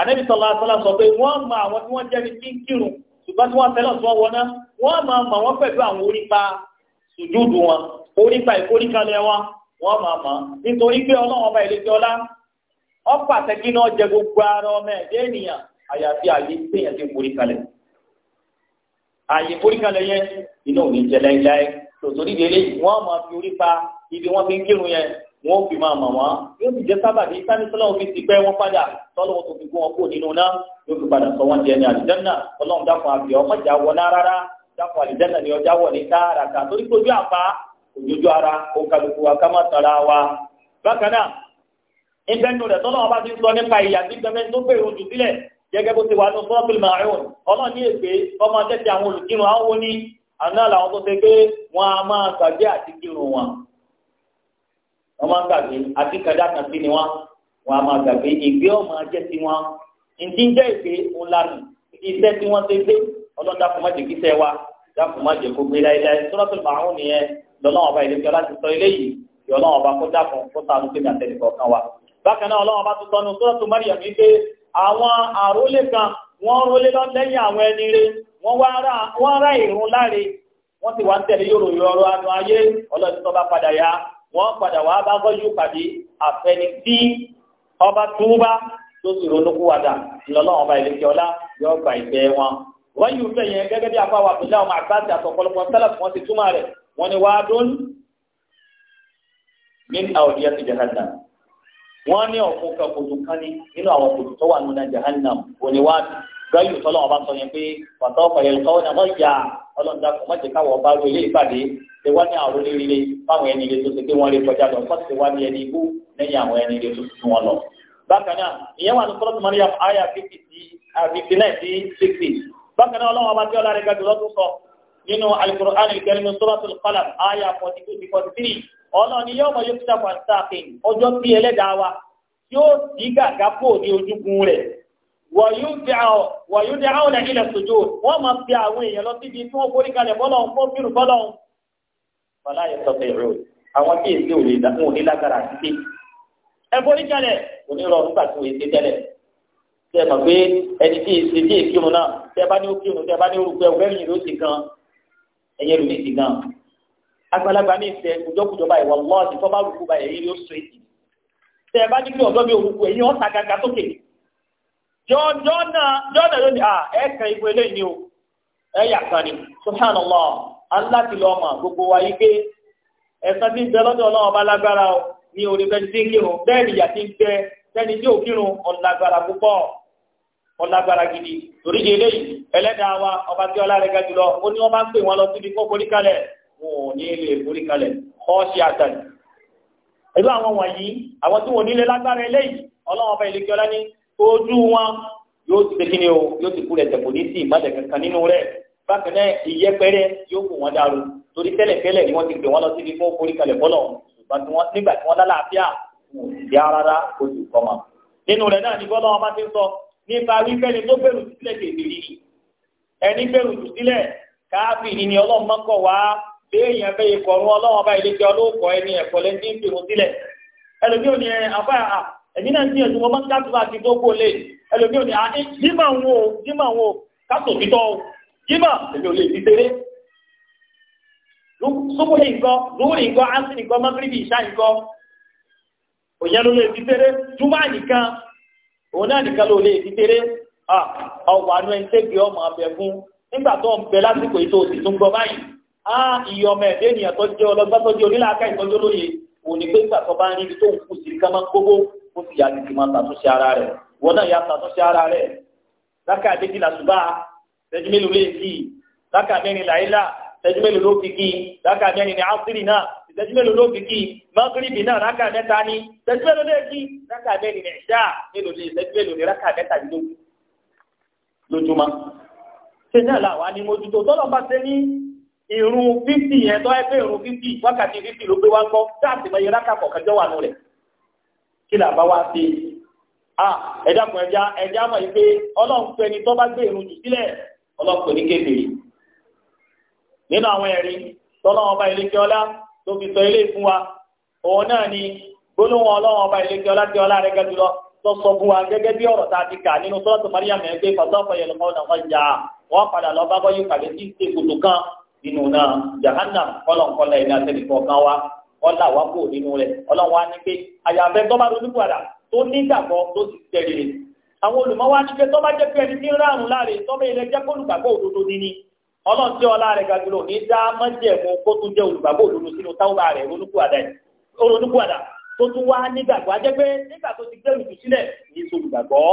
A: anẹ́bí sọlá sọlá sọ pé wọ́n mọ àwọn tí wọ́n jẹ́ ní tí kírun ṣùgbọ́n tí wọ́n fẹ́lọ̀ ọ̀pọ̀ àtẹ́gí náà jẹ gbogbo ara ọmọ ẹ̀dẹ́ ènìyàn àyàfi àyè péyàn ti forí kalẹ̀ àyè forí kalẹ̀ yẹn iná ò ní jẹ láíláí tòtòrí délé wọ́n máa fi orí pa ibi wọ́n fi ń kírun yẹn wọ́n fi máa mọ̀ wọ́n yóò fi jẹ sábàbí sánísọ́lá òfin ti pẹ́ wọ́n padà tọ́lọ́wọ́ tó fi gún wọn kó nínú náà yóò fi padà sọ wọ́n jẹ ní àlùjánnà ọlọ́run dákun àbí ọmọ ìjà wọ náà rárá dákun àlùjánnà ni ọjà wọ̀ ní tààràtà torí pé ojú àpá òjòjú ara òǹkàlùkù wa ká má tọ́ra wa bákan náà ìbẹ́nu rẹ̀ tọ́lọ́ ọba ti sọ nípa ìyà tí gbẹmẹ́ tó gbèrò jù sílẹ̀ gẹ́gẹ́ bó ti wà ní sọ́ọ̀kìlì màáhùn ọlọ́run ní èpè ọmọ tẹ́tí àwọn olùkírun àwọn wo ni àná làwọn tó ṣe pé wọn a máa gbàgbé àti kírun wọn wọn máa gbàgbé àti kàdá kan sí ni wọn wọn a máa gbàgbé ìgbé ọmọ ajẹ́ sí wọn ǹdí ń jẹ́ ìpè ńlanu iṣẹ́ tí wọ́n ti gbé ọlọ́run dákun má jẹ́ kí iṣẹ́ wa dákun má jẹ́ kó gbé láéláé sọ́ọ̀kìlì màáhùn nìyẹn lọ́nà bákan náà ọlọ́wọ́ bá tún sọ ní sọ́ọ̀tù Maryam wípé àwọn àrólé kan wọ́n rólé lẹ́yìn àwọn ẹni rẹ̀ wọ́n rá ìrún láre wọ́n ti wá ń tẹ̀lé yòrò yọrọ anu ayé ọlọ́ọ̀tí bá padà yá wọ́n padà wá bá gọ́jú pàdé àfẹni tí ọba túbá tó sì ronúkú wàdà ìlọ́lọ́wọ́n yọ gbà ìfẹ́ wọn wọ́n yìí fẹ́ yẹn gẹ́gẹ́ bí ti túmọ̀ rẹ̀ wọ́n ni wàá dún wọ́n ní ọ̀fun kan kòtò kan ní nínú àwọn kòtò tó wà nínú jahannam oníwájú gbẹ́yù tọ́lọ́ ọba sọ yẹn pé bàtà ọkọ̀ yẹn lọ́wọ́ náà wọ́n yà ọlọ́dà kò mọ̀jẹ̀ káwọ̀ ọba ru ilé ìpàdé ṣe wá ní àwọn onílé fáwọn ẹni ilé tó ṣe pé wọ́n lè kọjá lọ fọ́ọ̀tì wá ní ẹni ikú lẹ́yìn àwọn ẹni ilé tó ti tún wọn lọ. bákan náà ìyẹn wà ní sọ́lọ́tù Maryam aya fifty sí sixty nínú alukur'an ìkẹrin suratul qalam aya forty two forty three ọlọ́run ni yóò mọ yóò fisa fún asaakin ọjọ́ tí ẹlẹ́dàá wa yóò di gàgà pò ní ojúkun rẹ̀ wọ̀nyí dẹ́ àwọn ilẹ̀ sojú wọ́n máa fi àwọn èèyàn lọ síbi tí wọ́n forí kalẹ̀ bọ́lọ̀ ń fọ́n bírù bọ́lọ̀ bọ́lá yẹn sọ fẹ́ẹ́ rò àwọn tí èsì ò ní lágbára àti pé ẹ forí kalẹ̀ onírọ̀rùn gbà tó èsì tẹ́lẹ̀ tẹ́ mọ̀ pé ẹni tí èsì tí èsì náà tẹ́ bá ní ó kírun tẹ́ bá ní orúkọ ẹ̀wẹ́ mi ló ti kan ẹ̀yẹ lómi ti gan àgbàlagbà ní ìfẹ́ kùjọkùjọ báyìí wọ́n lọ́ọ̀dì tó bá rúkú báyìí èyí yóò sọ èyí tẹ́ ẹ bá ní kí ọ̀dọ́ mi òkú ẹ̀yìn ọ̀sà gàgà sókè jọ́nà ló ní à ẹ̀ kan ibo eléyìí o ẹ̀ yà kan ni subhanallah aláti lọ gbogbo wa yí pé ẹ̀sán ti bẹ lọ́dọ̀ ọlọ́run ọba lágbára o ní orí bẹ́ẹ̀ ti ń kírun bẹ́ẹ̀ nìyà ti ń bẹ sẹ́ni tí ò kírun ọ̀lágbára púpọ̀ ọlágbára gidi torí di eléyìí ẹlẹ́dàá wa ọba tí ọlá rẹ̀ ga jùlọ ó ní wọ́n máa ń pè wọ́n lọ síbi kó forí kalẹ̀ wọn ò ní lè forí kalẹ̀ kọ́ọ̀ṣì àtàlẹ̀. ẹgbẹ́ àwọn wọ̀nyí àwọn tí wọ́n nílé lágbára eléyìí ọlọ́wọ́n ọba ìlẹ́kẹ́ ọlá ní ojú wọn yóò ti kíni o yóò ti kú rẹ̀ tẹ̀kù ní sí ìmọ̀lẹ̀ kankan nínú rẹ̀ bákan náà ìyẹ́pẹ́rẹ́ yóò kù wọ́n dàrú torí tẹ́lẹ̀tẹ́lẹ̀ ni wọ́n ti gbé wọn lọ síbi fún forí kalẹ̀ bọ́lọ̀ nígbà tí wọ́n ni bọ́lá wọn bá ti ń nípa wípẹ́ni tó bẹ̀rù sílẹ̀ tètè rí ẹni bẹ̀rù sílẹ̀ káàbì ni ọlọ́run mọ́kọ̀ wá béèyàn bẹ́ẹ̀ ikọ̀ ọ̀run ọlọ́run ọba ilé jẹ́ ọlọ́ọ̀kọ̀ ẹni ẹ̀kọ́ lẹ́ni tí ń bẹ̀rù sílẹ̀ ẹlòmíì òní àbá ẹ̀mí náà ń tiẹ̀ tó mọ́ káàtúbà ti dókòó lé ẹlòmíì òní jímà ń wo jímà ń wo kátó títọ́ jímà èmi ò lè fi tẹ́lé sókòlè nǹkan lóòrè nǹkan ásì nǹkan mọ́gíríbì ìṣá nǹkan òyìn ló lè fi tẹ́lé túmọ̀ nìkan òun náà nìkan ló lè ti tẹ́rẹ́ ọwọ́ àánú ẹni tẹ́gbẹ́ ọmọ abẹ fún nígbà tó ń bẹ lásìkò ètò òsì tó ń gbọ́ báyìí á iye ọmọ ẹ̀dẹ́ ènìyàn tó jẹ́ ọlọ́gbọ́n tó jẹ́ onílàáká ìtọ́jú olóye òní pé nígbà tó bá ń rí ibi tó ń kù sí ká máa ń gbogbo ó sì yà á tètè máa tàtúnṣe ara rẹ̀ wọ́n náà yà á tàtúnṣe ara rẹ̀ lákà àdéjìlá ṣùgbà tẹ́jú lè kí lákà mẹ́rin làílà tẹ́jú ló fi kí lákà mẹ́rin ní áfírì náà ìṣẹ́jú mélòó ló fi kí mọ́gírìbì náà rákà mẹ́ta ní ìṣẹ́jú mélòó lè kí rákà mẹ́rin ní ìṣá mélòó lè ìṣẹ́jú ní rákà mẹ́ta dínlógún lójúmọ́. ṣé náà làwọn á ní mójútó tọ́lọ́ bá ṣe ní fífì yẹn fífì wákàtí fífì ló gbé wá ń iye rákà kọ̀ọ̀kan wà nù rẹ̀ kí là bá wá i ẹ̀dá kan ẹja ẹja mọ̀ pé ọlọ́run tó fi sọ ilé fún wa òun náà ni gbólóhùn ọlọ́run ọba ìlẹ́kẹ́ ọlá tí ọlá rẹ̀ gẹ́ jùlọ tó sọ fún wa gẹ́gẹ́ bí ọ̀rọ̀ tá a ti kà nínú sọ́ọ̀tù Maryam ẹgbẹ́ fọ́sọ́fọ́ yẹn lọ́kọ́ náà wọ́n jà wọ́n padà lọ bá bọ́yú pàdé sí ṣe kòtò kan nínú náà Jahannam kọ́lọ̀nkọ́lá ẹ̀mí àtẹnìkọ̀ kan wa ọ̀là wa kò nínú rẹ̀ ọlọ́run wa ní pé àyàfẹ́ tó bá ọlọ́run tí ọlá rẹ̀ gàdúrò ní dá mọ́jẹ̀mú kó tún jẹ́ olùgbàgbọ́ òdodo sínú táwọn rẹ̀ ronúkúwàdà tó tún wá nígbàgbọ́ ajẹ́ pé nígbà tó ti gbẹ̀rù jù sílẹ̀ ní sọlùgbàgbọ́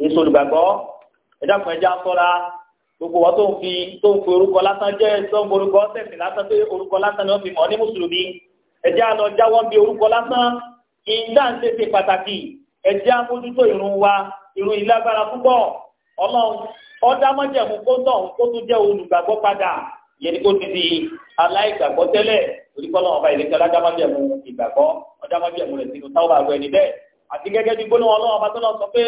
A: ní sọlùgbàgbọ́ ẹ̀dá kan ẹja sọ́ra gbogbo wa tó ń fi tó ń fi orúkọ lásán jẹ́ tó ń borúkọ sẹ̀sìn lásán pé orúkọ lásán ni wọ́n fi mọ̀ ní mùsùlùmí ẹja lọ jáwọ́ bí orúkọ lásán ìdá ń ṣe pàtàkì ẹja mójútó ìrun wa ìrun ìlágbára púpọ̀ ọlọ́run ọdá májẹ̀mú kó tán kó tún jẹ́ olùgbàgbọ́ padà yẹn ni kó ti di aláìgbàgbọ́ tẹ́lẹ̀ oníkọ́lọ́ ọba ìlẹ́kẹ́ ọdá májẹ̀mú ìgbàgbọ́ ọdá májẹ̀mú rẹ̀ sínú táwọn àgbẹ̀ bẹ́ẹ̀ àti gẹ́gẹ́ sọ pé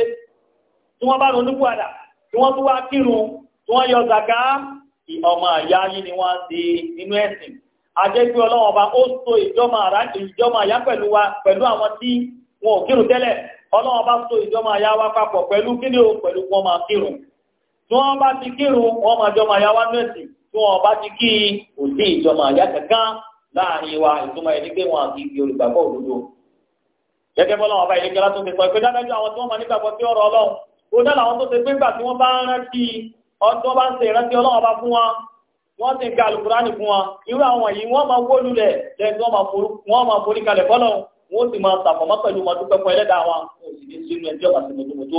A: tí wọ́n bá ronú padà tí wọ́n tún wá kírun tí wọ́n yọ ọmọ ni wọ́n ti nínú ẹ̀sìn ọlọ́run ọba ó so ìjọmọ pẹ̀lú wa wọn o pẹ̀lú wọn máa kírun tí wọ́n bá ti kírun wọ́n máa jọmọ àyà wa nẹ́ẹ̀sì tí wọ́n bá ti kí kò sí ìjọmọ àyà kankan láàrin wa ìtumọ̀ ẹni pé wọn àti ibi olùgbàgbọ́ òdodo. gẹ́gẹ́ bọ́lá wọn bá ilé kẹlá tó ti sọ pé dájú àwọn tí wọ́n máa nígbàgbọ́ sí ọ̀rọ̀ ọlọ́run ó dá làwọn tó ti pé gbà tí wọ́n bá ń rántí ọdún bá ń ṣe ìrántí ọlọ́run bá fún wọn wọ́n ti ga alukurani fún wa irú àwọn yìí wọ́n máa wó lulẹ̀ lẹ́yìn tí wọ́n máa forí kalẹ̀ fọ́lọ́ wọ́n sì máa sàfọ̀mọ́ pẹ̀lú wọn dúpẹ́ ẹlẹ́dàá wa wọ́n sì ní sínú ẹjọ́ àti mọ̀tòmọ̀tò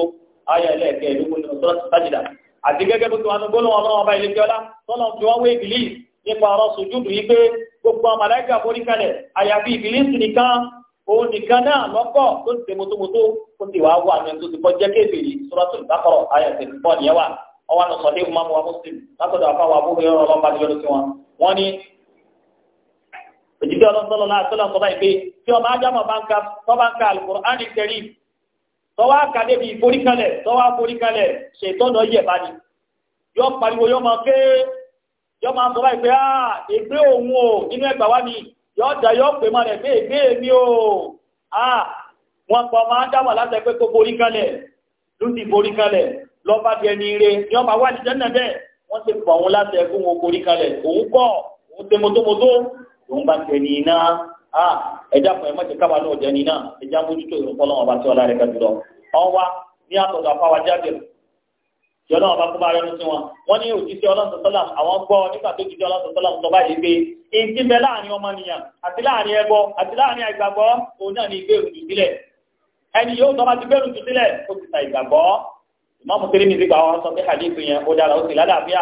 A: ayọ̀ ẹlẹ́ẹ̀kẹ́ ìlú wọn ní àti gẹ́gẹ́ bó ti wà ní gbólóhùn ọlọ́run ọba ilé jọlá tọ́lọ́ tí wọ́n wé ìbílíì nípa ọ̀rọ̀ sùjúdù yìí pé gbogbo àmàlẹ́gà forí kalẹ̀ àyàfi ìbílíì nìkan òun nìkan náà lọ́pọ̀ tó ti tèmótómótó ó ti wàá wà ní ẹni tó ti kọ́ jẹ́ kébìrì suratul Baqara àyà tẹ̀sí pọ̀ nìyẹn wà ọwọ́ àná sọ̀dé ìmọ̀mù wa Muslim látọ̀dọ̀ àfáwà abúlé ọlọ́run bá ti yọrù sí wọn. wọ́n ní òjijì ọlọ́sọ́lọ́ láti sọ́lá sọ́lá ìpè tí tọ́wọ́ àkàdé bíi ìforíkalẹ̀ tọ́wọ́ àforíkalẹ̀ ṣètọ́nà yẹ̀bá ni yọ pariwo yọ máa fẹ́ yọ máa sọ báyìí pé á ègbé òun o nínú ẹgbà wá ni yọ dà yọ pè má rẹ̀ pé ègbé mi o á wọn pọ̀ máa ń dáwà láti ẹgbẹ́ kó foríkalẹ̀ ló ti foríkalẹ̀ lọ́ba di ẹni ire yọ máa wá nìjẹ́ náà wọ́n ti pọ̀ òun láti ẹgbẹ́ òun foríkalẹ̀ òun kọ́ òun tẹmọtọmọtọ òun bá tẹ̀ ní iná Ah, ẹja fún ẹ mọ̀ ṣe kábà náà jẹni náà ẹja mójútó ìrún fọlọ́n ọba tí ọlá rẹ̀ ga jùlọ ọ̀n wa ní àtọ̀dọ̀ afáwa jábìrì tí ọlọ́run bá kó bá rẹnu sí wọn wọ́n ní òjíṣẹ́ ọlọ́run sọ́làm àwọn gbọ́ nígbà tó jíjẹ́ ọlọ́run sọ́làm sọ báyìí pé èyí ti bẹ láàrin ọmọnìyàn àti láàrin ẹbọ àti láàrin àgbàgbọ́ òun náà ní ìgbèrú jù sílẹ̀ ẹni yóò tọ́ bá ti gbèrú jù sílẹ̀ ó ti ta ìgbàgbọ́ ìmọ̀ọ́mù kéré ti gbà wọn sọ pé àdéhùn yẹn ó dára ó sì lálàáfíà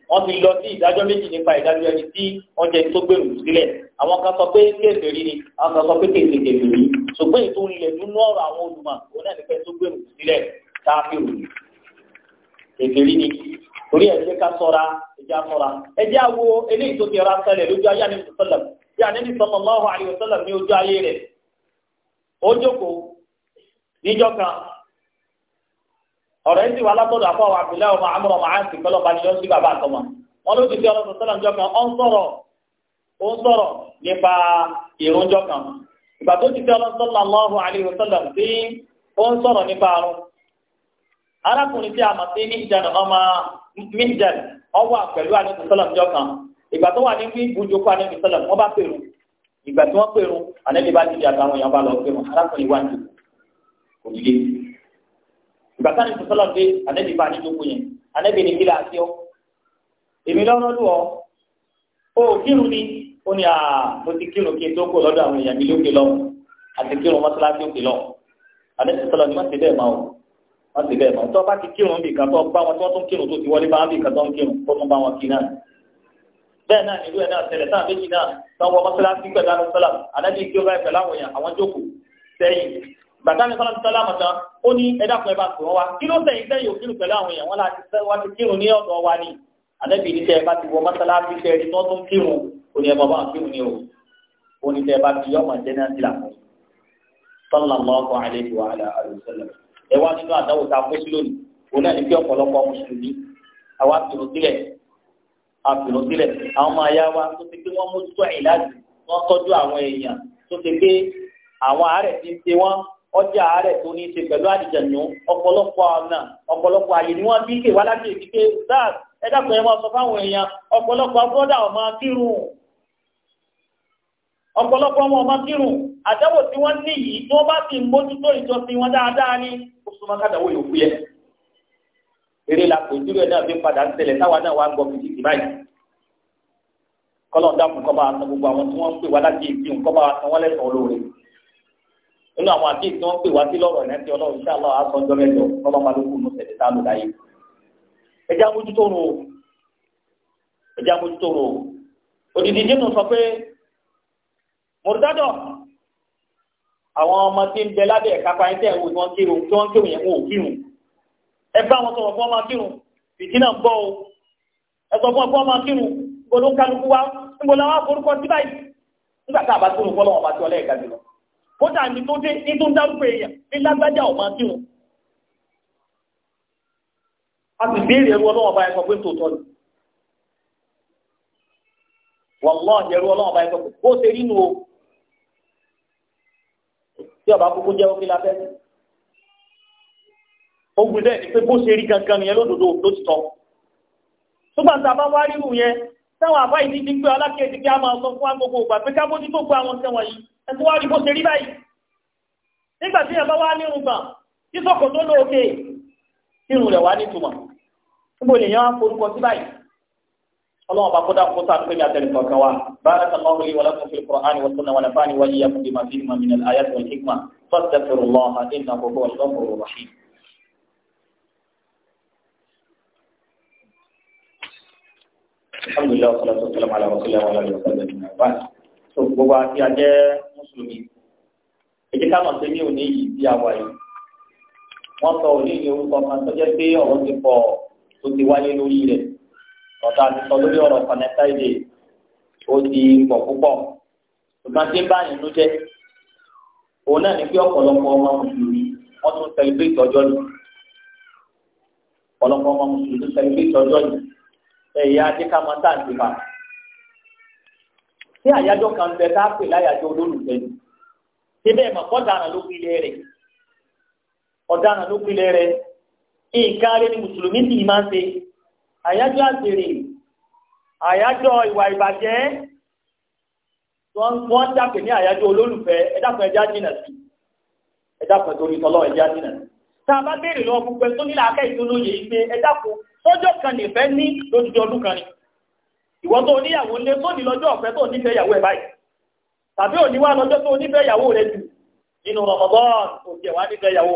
A: wọ́n ti lọ sí ìdájọ́ méjì nípa ìdájọ́ ẹni tí wọ́n jẹ́ tó gbèrú sílẹ̀ àwọn kan sọ pé kèfèrí ni àwọn kan sọ pé kèsè kèfèrí ṣùgbọ́n ètò ìlẹ̀ dúnú ọ̀rọ̀ àwọn olùmọ̀ òun náà nípa tó gbèrú sílẹ̀ káfíù kèfèrí ni torí ẹ̀ jẹ́ ká sọ́ra ẹ̀jẹ̀ àsọ́ra ẹ̀jẹ̀ àwo eléyìí tó ti ra sẹlẹ̀ lójú ayé àní sọ́lọ̀m bí àní sọ́lọ̀m ní ojú ayé rẹ̀ ó jókòó níjọ́ kan ọ̀rọ̀ yìí ti wà látọ̀dọ̀ àpá wa àpilẹ̀ ọmọ àmúrọ̀ màá ń sìnkọ́ lọ́ba ni yóò sí bàbá àtọmọ wọn ló ti fi ọlọ́dún sọ́lá ńjọ kan ó ń sọ̀rọ̀ ó ń sọ̀rọ̀ nípa ìrúnjọ kan ìgbà tó ti fi ọlọ́dún sọ́lá lọ́hùn àlehùn sọ́lá sí ó ń sọ̀rọ̀ nípa àrùn arákùnrin tí a mọ̀ sí níjàn ọmọ míjàn ọwọ́ pẹ̀lú àlehùn sọ́lá ńjọ kan ìgbà tó wà ní gbàtà ní sọsọlọ pé anabi bá níjókòó yẹn anabi ní kílà àti ọ èmi lọ́rọ́ lù ọ o kírun ni ó ní àá mo ti kírun kí n tó kó lọ́dọ̀ àwọn èèyàn mi lókè lọ́wọ́ àti kírun mọ́sálásí òkè lọ́wọ́ anabi sọsọlọ ni wọ́n ti bẹ́ẹ̀ máa o wọ́n ti bẹ́ẹ̀ máa tó bá ti kírun bí kàtọ́ bá wọn tó tún kírun tó ti wọlé bá wọn bí kàtọ́ ń kírun tó tún bá wọn kí náà bẹ́ẹ̀ náà ìlú ẹ̀ náà tẹ̀lẹ̀ sáà méjì náà sanwó mọ́sálásí pẹ̀lú àwọn sọ́lá anabi kí ó bá ẹ̀ pẹ̀lú àwọn èèyàn àwọn jókòó sẹ́yìn bàtà mi sọ́nà títọ́lá àmọ̀tá ó ní ẹ̀dá kan ẹ̀bá pè wọ́n wa kí ló sẹ́yìn sẹ́yìn òkìlù pẹ̀lú àwọn èèyàn wọn láti wá ti kírun ní ọ̀dọ̀ wa ni àlẹ́bí ní tẹ́ ẹ bá ti wọ mọ́sálásí tẹ́ ẹni tó tún kírun ó ní ẹ̀bọ̀ bá ń kírun ní o ó ní tẹ́ ẹ bá ti yọ ọmọ jẹ́ náà sí làkùn sọ́nà mọ́kàn àlejò àlà àlùsọ́lẹ̀ ẹ wá nínú àdáwò tá a kó sí lónìí òun náà ní kí ọ̀pọ̀lọpọ̀ mùsùlùmí àwọn ọmọ ti ń ṣe wọ́n ọjà ààrẹ tó ní í ṣe pẹ̀lú àdìjẹ̀nù ọ̀pọ̀lọpọ̀ ọ̀nà ọ̀pọ̀lọpọ̀ àyè ni wọ́n bí kè wá láti èdè pé sars ẹ dákun ẹ máa sọ fáwọn èèyàn ọ̀pọ̀lọpọ̀ bọ́dà ọ̀mọ kírun ọ̀pọ̀lọpọ̀ ọmọ ọmọ kírun àdáwò tí wọ́n ní yìí tí wọ́n bá sì ń mójútó ìjọsìn wọn dáadáa ní oṣù mọ́kàdáwò yòókù yẹ eré la kò dúró náà fi padà ń tẹ̀lẹ̀ táwa náà wà ń gbọ́ fìdí báyìí kọ́lọ́ọ̀dà kò kọ́ bá a san gbogbo àwọn tí wọ́n ń pè wá láti èdè kọ́ bá a san wọ́n lẹ́sàn-án nínú àwọn àkíyèsí tí wọ́n pè wá sí lọ́rọ̀ ẹ̀rẹ́ tí ọlọ́run iṣẹ́ aláwọ̀ á sọ ọjọ́ mẹ́jọ lọ́ba balógun ló tẹ̀lé tá a lò láyé. ẹja mójútó ro ẹja mójútó ro òdìdí jínú sọ pé mọ̀rọ̀dádọ̀ àwọn ọmọ tí ń bẹ lábẹ́ ìkápá ẹ̀ tẹ̀ wò tí wọ́n kírun tí wọ́n kírun yẹn wọn ò kírun ẹ bá wọn sọ̀rọ̀ fún ọmọ kírun fìdínà ń bọ̀ o ẹ sọ fún ọmọ ọmọ kírun gbọdọ̀ kálukú wa ń gbọdọ̀ àwọn forúkọ síbáyìí nígbà tá kódà ní tó dé ní tó ń dárúkọ èèyàn ní lágbájá ọ̀mà tí wọn. a sì béèrè ẹrú ọlọ́wọ́ bá ẹ̀kọ́ pé tòótọ́ ni wọ́lọ́ ẹrú ọlọ́wọ́ bá ẹ̀kọ́ pé bó ṣe rí nu o tí ọba kúkú jẹ́ òkè lábẹ́ ogun bẹ́ẹ̀ ni pé bó ṣe rí gangan nìyẹn lódodo ló ti tọ́ ṣùgbọ́n tá a bá wá rírù yẹn táwọn àbá ìdí ti ń gbé ọlákẹ́ẹ̀dì kí a máa sọ fún wa gbogbo pé ká bójú àwọn nǹkan wọ̀nyí ẹ̀tọ́ wá rí bó ṣe rí báyìí nígbà tí ẹ̀bá wá ní rúgbà tí sọ́kọ̀ tó lọ òkè irun rẹ̀ wá nítumọ̀ níbo lè yán forúkọ sí báyìí ọlọ́run bá kó dákó sáà pé ní àtẹnì kankan wa barakallahu li wa lakum fil qur'ani wa sunnah wa nafa'ani wa iyyakum bima fihi min al ayati wal hikma fastaghfirullaha الحمد لله والصلاة والسلام على رسول الله وعلى آله وصحبه أجمعين so gbogbo àti ajẹ́ mùsùlùmí èdè káwọn ṣe ní òní yìí bí àwa yìí wọ́n sọ òní yìí orúkọ kan tó jẹ́ pé ọ̀rọ̀ ti pọ̀ tó ti wáyé lórí rẹ̀ ọ̀tá ti sọ lórí ọ̀rọ̀ kọ̀nẹ́tàìdè ó ti pọ̀ púpọ̀ ṣùgbọ́n tí ń ló jẹ́ òun náà ní pé ọ̀pọ̀lọpọ̀ ọmọ mùsùlùmí wọ́n tún sẹlẹ̀bírìtì ọjọ́ yìí ọ̀pọ̀lọpọ̀ ọmọ mùsùlùmí sẹlẹ̀bírìtì ọjọ́ yìí ẹ̀yà adékámọ́tà ti tí àyájọ́ kan bẹ tá a pè láyàjọ́ olólùfẹ́ ni síbẹ̀ mọ̀ kọ́daràn ló pilẹ̀ rẹ̀ ọ̀daràn ló pilẹ̀ rẹ̀ nǹkan rẹ̀ ni mùsùlùmí sì máa ń ṣe àyájọ́ àṣèrè àyájọ́ ìwà ìbàjẹ́ wọ́n dàpè ní àyájọ́ olólùfẹ́ ẹ dákun ẹja jìnà sí ẹ dákun torí tọ́lọ́ ẹja jìnà sí tá a bá béèrè lọ́wọ́ gbogbo ẹ tó nílò akẹ́ ìtòlóye ìgbé ẹ dákun sọ́jọ́ kan nìfẹ́ ní lójúdọ́ kan ni. ìwọ tó níyàwó lé tó ní lọ́jọ́ ọ̀fẹ́ tó nífẹ̀ẹ́ ìyàwó ẹ̀ báyìí tàbí òní wá lọ́jọ́ tó nífẹ̀ẹ́ ìyàwó rẹ̀ jù nínú Ramadan tó tiẹ̀ wá nífẹ̀ẹ́ ìyàwó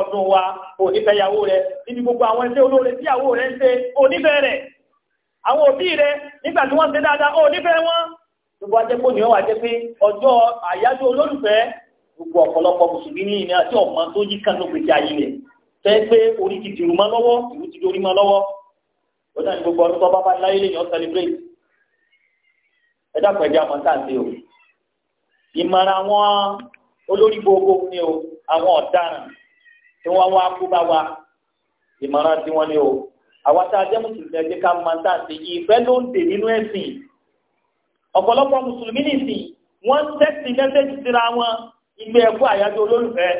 A: ọdún wa onífẹ̀ẹ́ ìyàwó rẹ̀ níbi gbogbo ọ̀pọ̀lọpọ̀ mùsùlùmí ní tó yí kan ti lọ́wọ́ ti ó náà ní gbogbo ọdún tó bá bá láyé lèyàn celebrate ẹ dákun ẹjẹ àwọn sáǹtì o ìmọ̀ràn àwọn olórí gbogbo ni o àwọn ọ̀daràn tí wọ́n wá kú bá wa ìmọ̀ràn tí wọ́n ní o àwa tá a jẹ́ mùsùlùmí ẹ jẹ́ ká máa sáǹtì yìí ìfẹ́ ló ń dè nínú ẹ̀sìn ọ̀pọ̀lọpọ̀ mùsùlùmí nìsín wọ́n tẹ́sí mẹ́sẹ̀jì síra wọn ilé ẹ̀kú àyájọ́ olólùfẹ́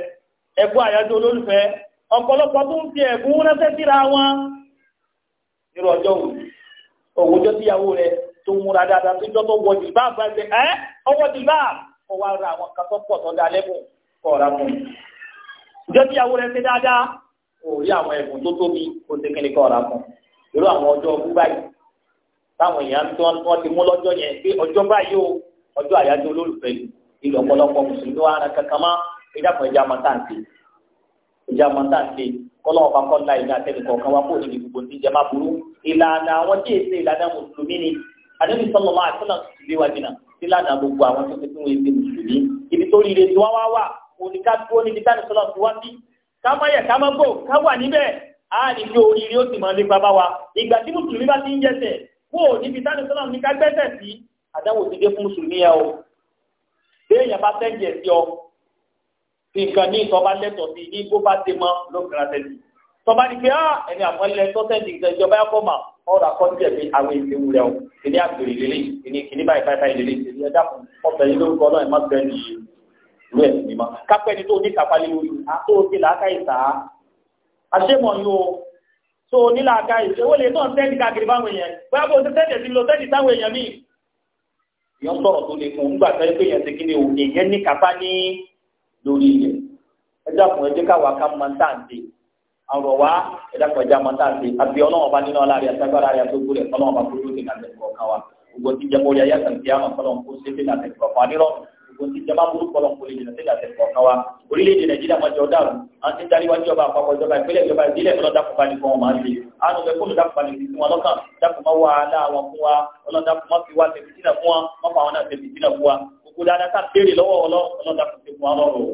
A: ẹ̀kú àyájọ́ olólùfẹ́ ọ̀pọ̀lọpọ̀ tó ń fi ẹ̀kú ránṣẹ́ síra wọn irú ọjọ́ òun òun ọjọ́ tíyàwó rẹ tó múra dáadáa tó jọ́ tó wọ jìlbá àgbà ẹ̀ ẹ́ ọwọ́ jìlbá kọ́ wá ra àwọn kan tó pọ̀ tó da lẹ́bùn kọ́ ra fún un ọjọ́ tíyàwó rẹ ṣe dáadáa kò rí àwọn ẹ̀bùn tó tóbi kó ṣe kíni kọ́ ra fún irú àwọn ọjọ́ ọdún báyìí táwọn èèyàn tí wọ́n ti mú lọ́jọ́ yẹn pé ọjọ́ báyìí o ọjọ́ àyájọ́ olólùfẹ́ ìlú ọ̀pọ̀lọpọ̀ mùsùlùmí wa ara kankan má ìdàpọ̀ la ìdá tẹ́lẹ̀ kọ̀ọ̀kan wá kó níbi gbogbo ti ìlànà àwọn tí èsì ìlànà mùsùlùmí ni àdébí sọlọ máa tẹ́lẹ̀ tuntun lé wájú náà sí lànà gbogbo àwọn tó ti fún wọn èsì mùsùlùmí ibi tó rí ìrètí wá wá wà òníká tó níbi táni sọlọ ti wá sí ká má yẹ ká má gbò ká wà níbẹ̀ á ní kí oríire ó sì máa lé bàbá wa ìgbà tí mùsùlùmí bá ti ń jẹsẹ̀ kó níbi táni sọlọ ní ká gbẹ́sẹ̀ sí àdáwò ti dé fún mùsùlùmí yẹn o béèyàn bá tẹ́jẹ̀ sí ọ fi nǹkan ní ìtọ́ bá sí tọba ni pé á ah, ẹni àpọ́nlẹ̀ tó sẹ́ndì ìgbà ìjọba ẹ̀kọ́ mà ọ̀rọ̀ àkọ́jẹ́ mi àwọn èsì ewu rẹ̀ o ìní àgbèrè lélẹ̀ ìní kìíní báyìí báyìí báyìí lélẹ̀ ìní ẹja fún ọbẹ̀ yìí lórúkọ náà má bẹ́ẹ̀ ni ìlú ẹ̀sìn mi mọ́ kápẹ́ ni tó ní kápálẹ̀ orí àtó òkè làákà ìta àṣemọ̀ yìí o tó nílà àga ìṣòwò lè náà sẹ́ndì káàkiri báwọn èèyàn bóyá bó ti sẹ́ndì ìlò sẹ́ndì táwọn èèyàn míì èèyàn sọ̀rọ̀ tó lè fún un gbà sẹ́yìn pé èèyàn ti kí ni òun èèyàn ní kápá ní lórí ilẹ̀ ẹja fún ẹjẹ́ káwa àrọ̀ wá ẹ̀dá kọjá mọ́ tá a ṣe àbí ọlọ́wọ́n bá nínú ọlá rẹ̀ àtàgbára rẹ̀ àtòkù rẹ̀ ọlọ́wọ́n bá kúrò ní kàtẹ́ kọ̀ọ̀kan wa gbogbo ti jẹmọ́ orí ayé àtàntì àwọn ọlọ́wọ́n kó ṣe fi kàtẹ́ kọ̀ọ̀kan nírọ̀ gbogbo ti jẹmọ́ burú kọlọ̀ kó lè jìnà sí kàtẹ́ kọ̀ọ̀kan wa orílẹ̀-èdè nàìjíríà máa jọ dáàbò àwọn ti ń darí wájú ọba àpapọ̀ ìjọba ìpínlẹ̀ ìjọba ìbílẹ̀ tó lọ́dà fúnpa nìkan wọn máa ń ṣe àwọn ọ̀gbẹ́ kóòlù dákùnfà nìkan fún wọn lọ́kàn dákùnmọ́ wà á láwọn fún wa ọlọ́dà fún wọn fi wá tẹ̀síntì náà fún wọn mọ́fà wọn náà tẹ̀síntì náà fún wa gbogbo dáadáa ká béèrè lọ́wọ́ ọlọ́dà fún ti fún wa lọ́rùn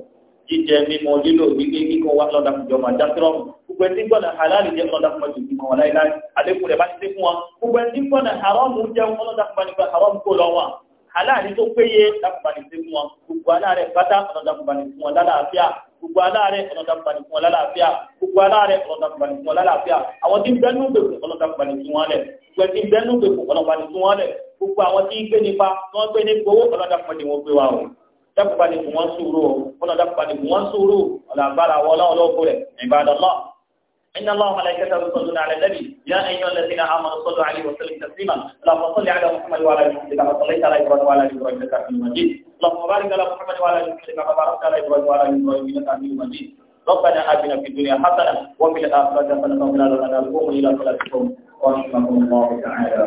A: jíjẹ mímọ lílo gbígbé kíkọ wá lọ́dà fìjọ máa jásírọ̀ gbogbo ẹni gbọ́dọ̀ halali jẹ lọ́dà fún ọjọ́ ìgbìmọ̀ wọn láíláí àlékún rẹ̀ bá ti dé fún wọn gbogbo ẹni gbọ́dọ̀ haramu jẹ wọn lọ́dà fún ọjọ́ haramu kó lọ wọn halali tó péye dákùnbani sí fún wọn gbogbo aláàrẹ̀ pátá ọ̀nà dákùnbani fún wọn lálàáfíà gbogbo aláàrẹ̀ ọ̀nà dákùnbani fún wọn lálàáfíà gbogbo aláàrẹ̀ ọ̀nà dákùnbani fún wọn lálàáfíà àwọn tí ń bẹ́nu gbèkùn ọ̀nà dákùnbani fún wọn lẹ̀ gbogbo ẹni tí ń bẹ́nu gbèkùn ọ̀nà dákùnbani fún wọn lẹ̀ gbogbo àwọn tí ń gbé nípa tí wọ́n gbé ní gbowó ọ̀nà dákùnbani wọn gbé wa o dákùpalẹ̀ kù wọ́n sùúrù o wọn náà dákùpalẹ̀ kù wọ́n sùúrù ọ̀là àgbára wọn náà lọ́kù rẹ̀ ìbádọ́lá. إن الله ملائكته يصلون على النبي يا أيها الذين آمنوا صلوا عليه وسلموا تسليما اللهم صل على محمد وعلى آل محمد كما صليت على إبراهيم وعلى آل إبراهيم إنك حميد مجيد اللهم بارك على محمد وعلى آل محمد كما باركت على إبراهيم وعلى آل إبراهيم إنك حميد مجيد ربنا آتنا في الدنيا حسنة وفي الآخرة حسنة وقنا عذاب النار قوموا إلى صلاتكم ورحمكم الله تعالى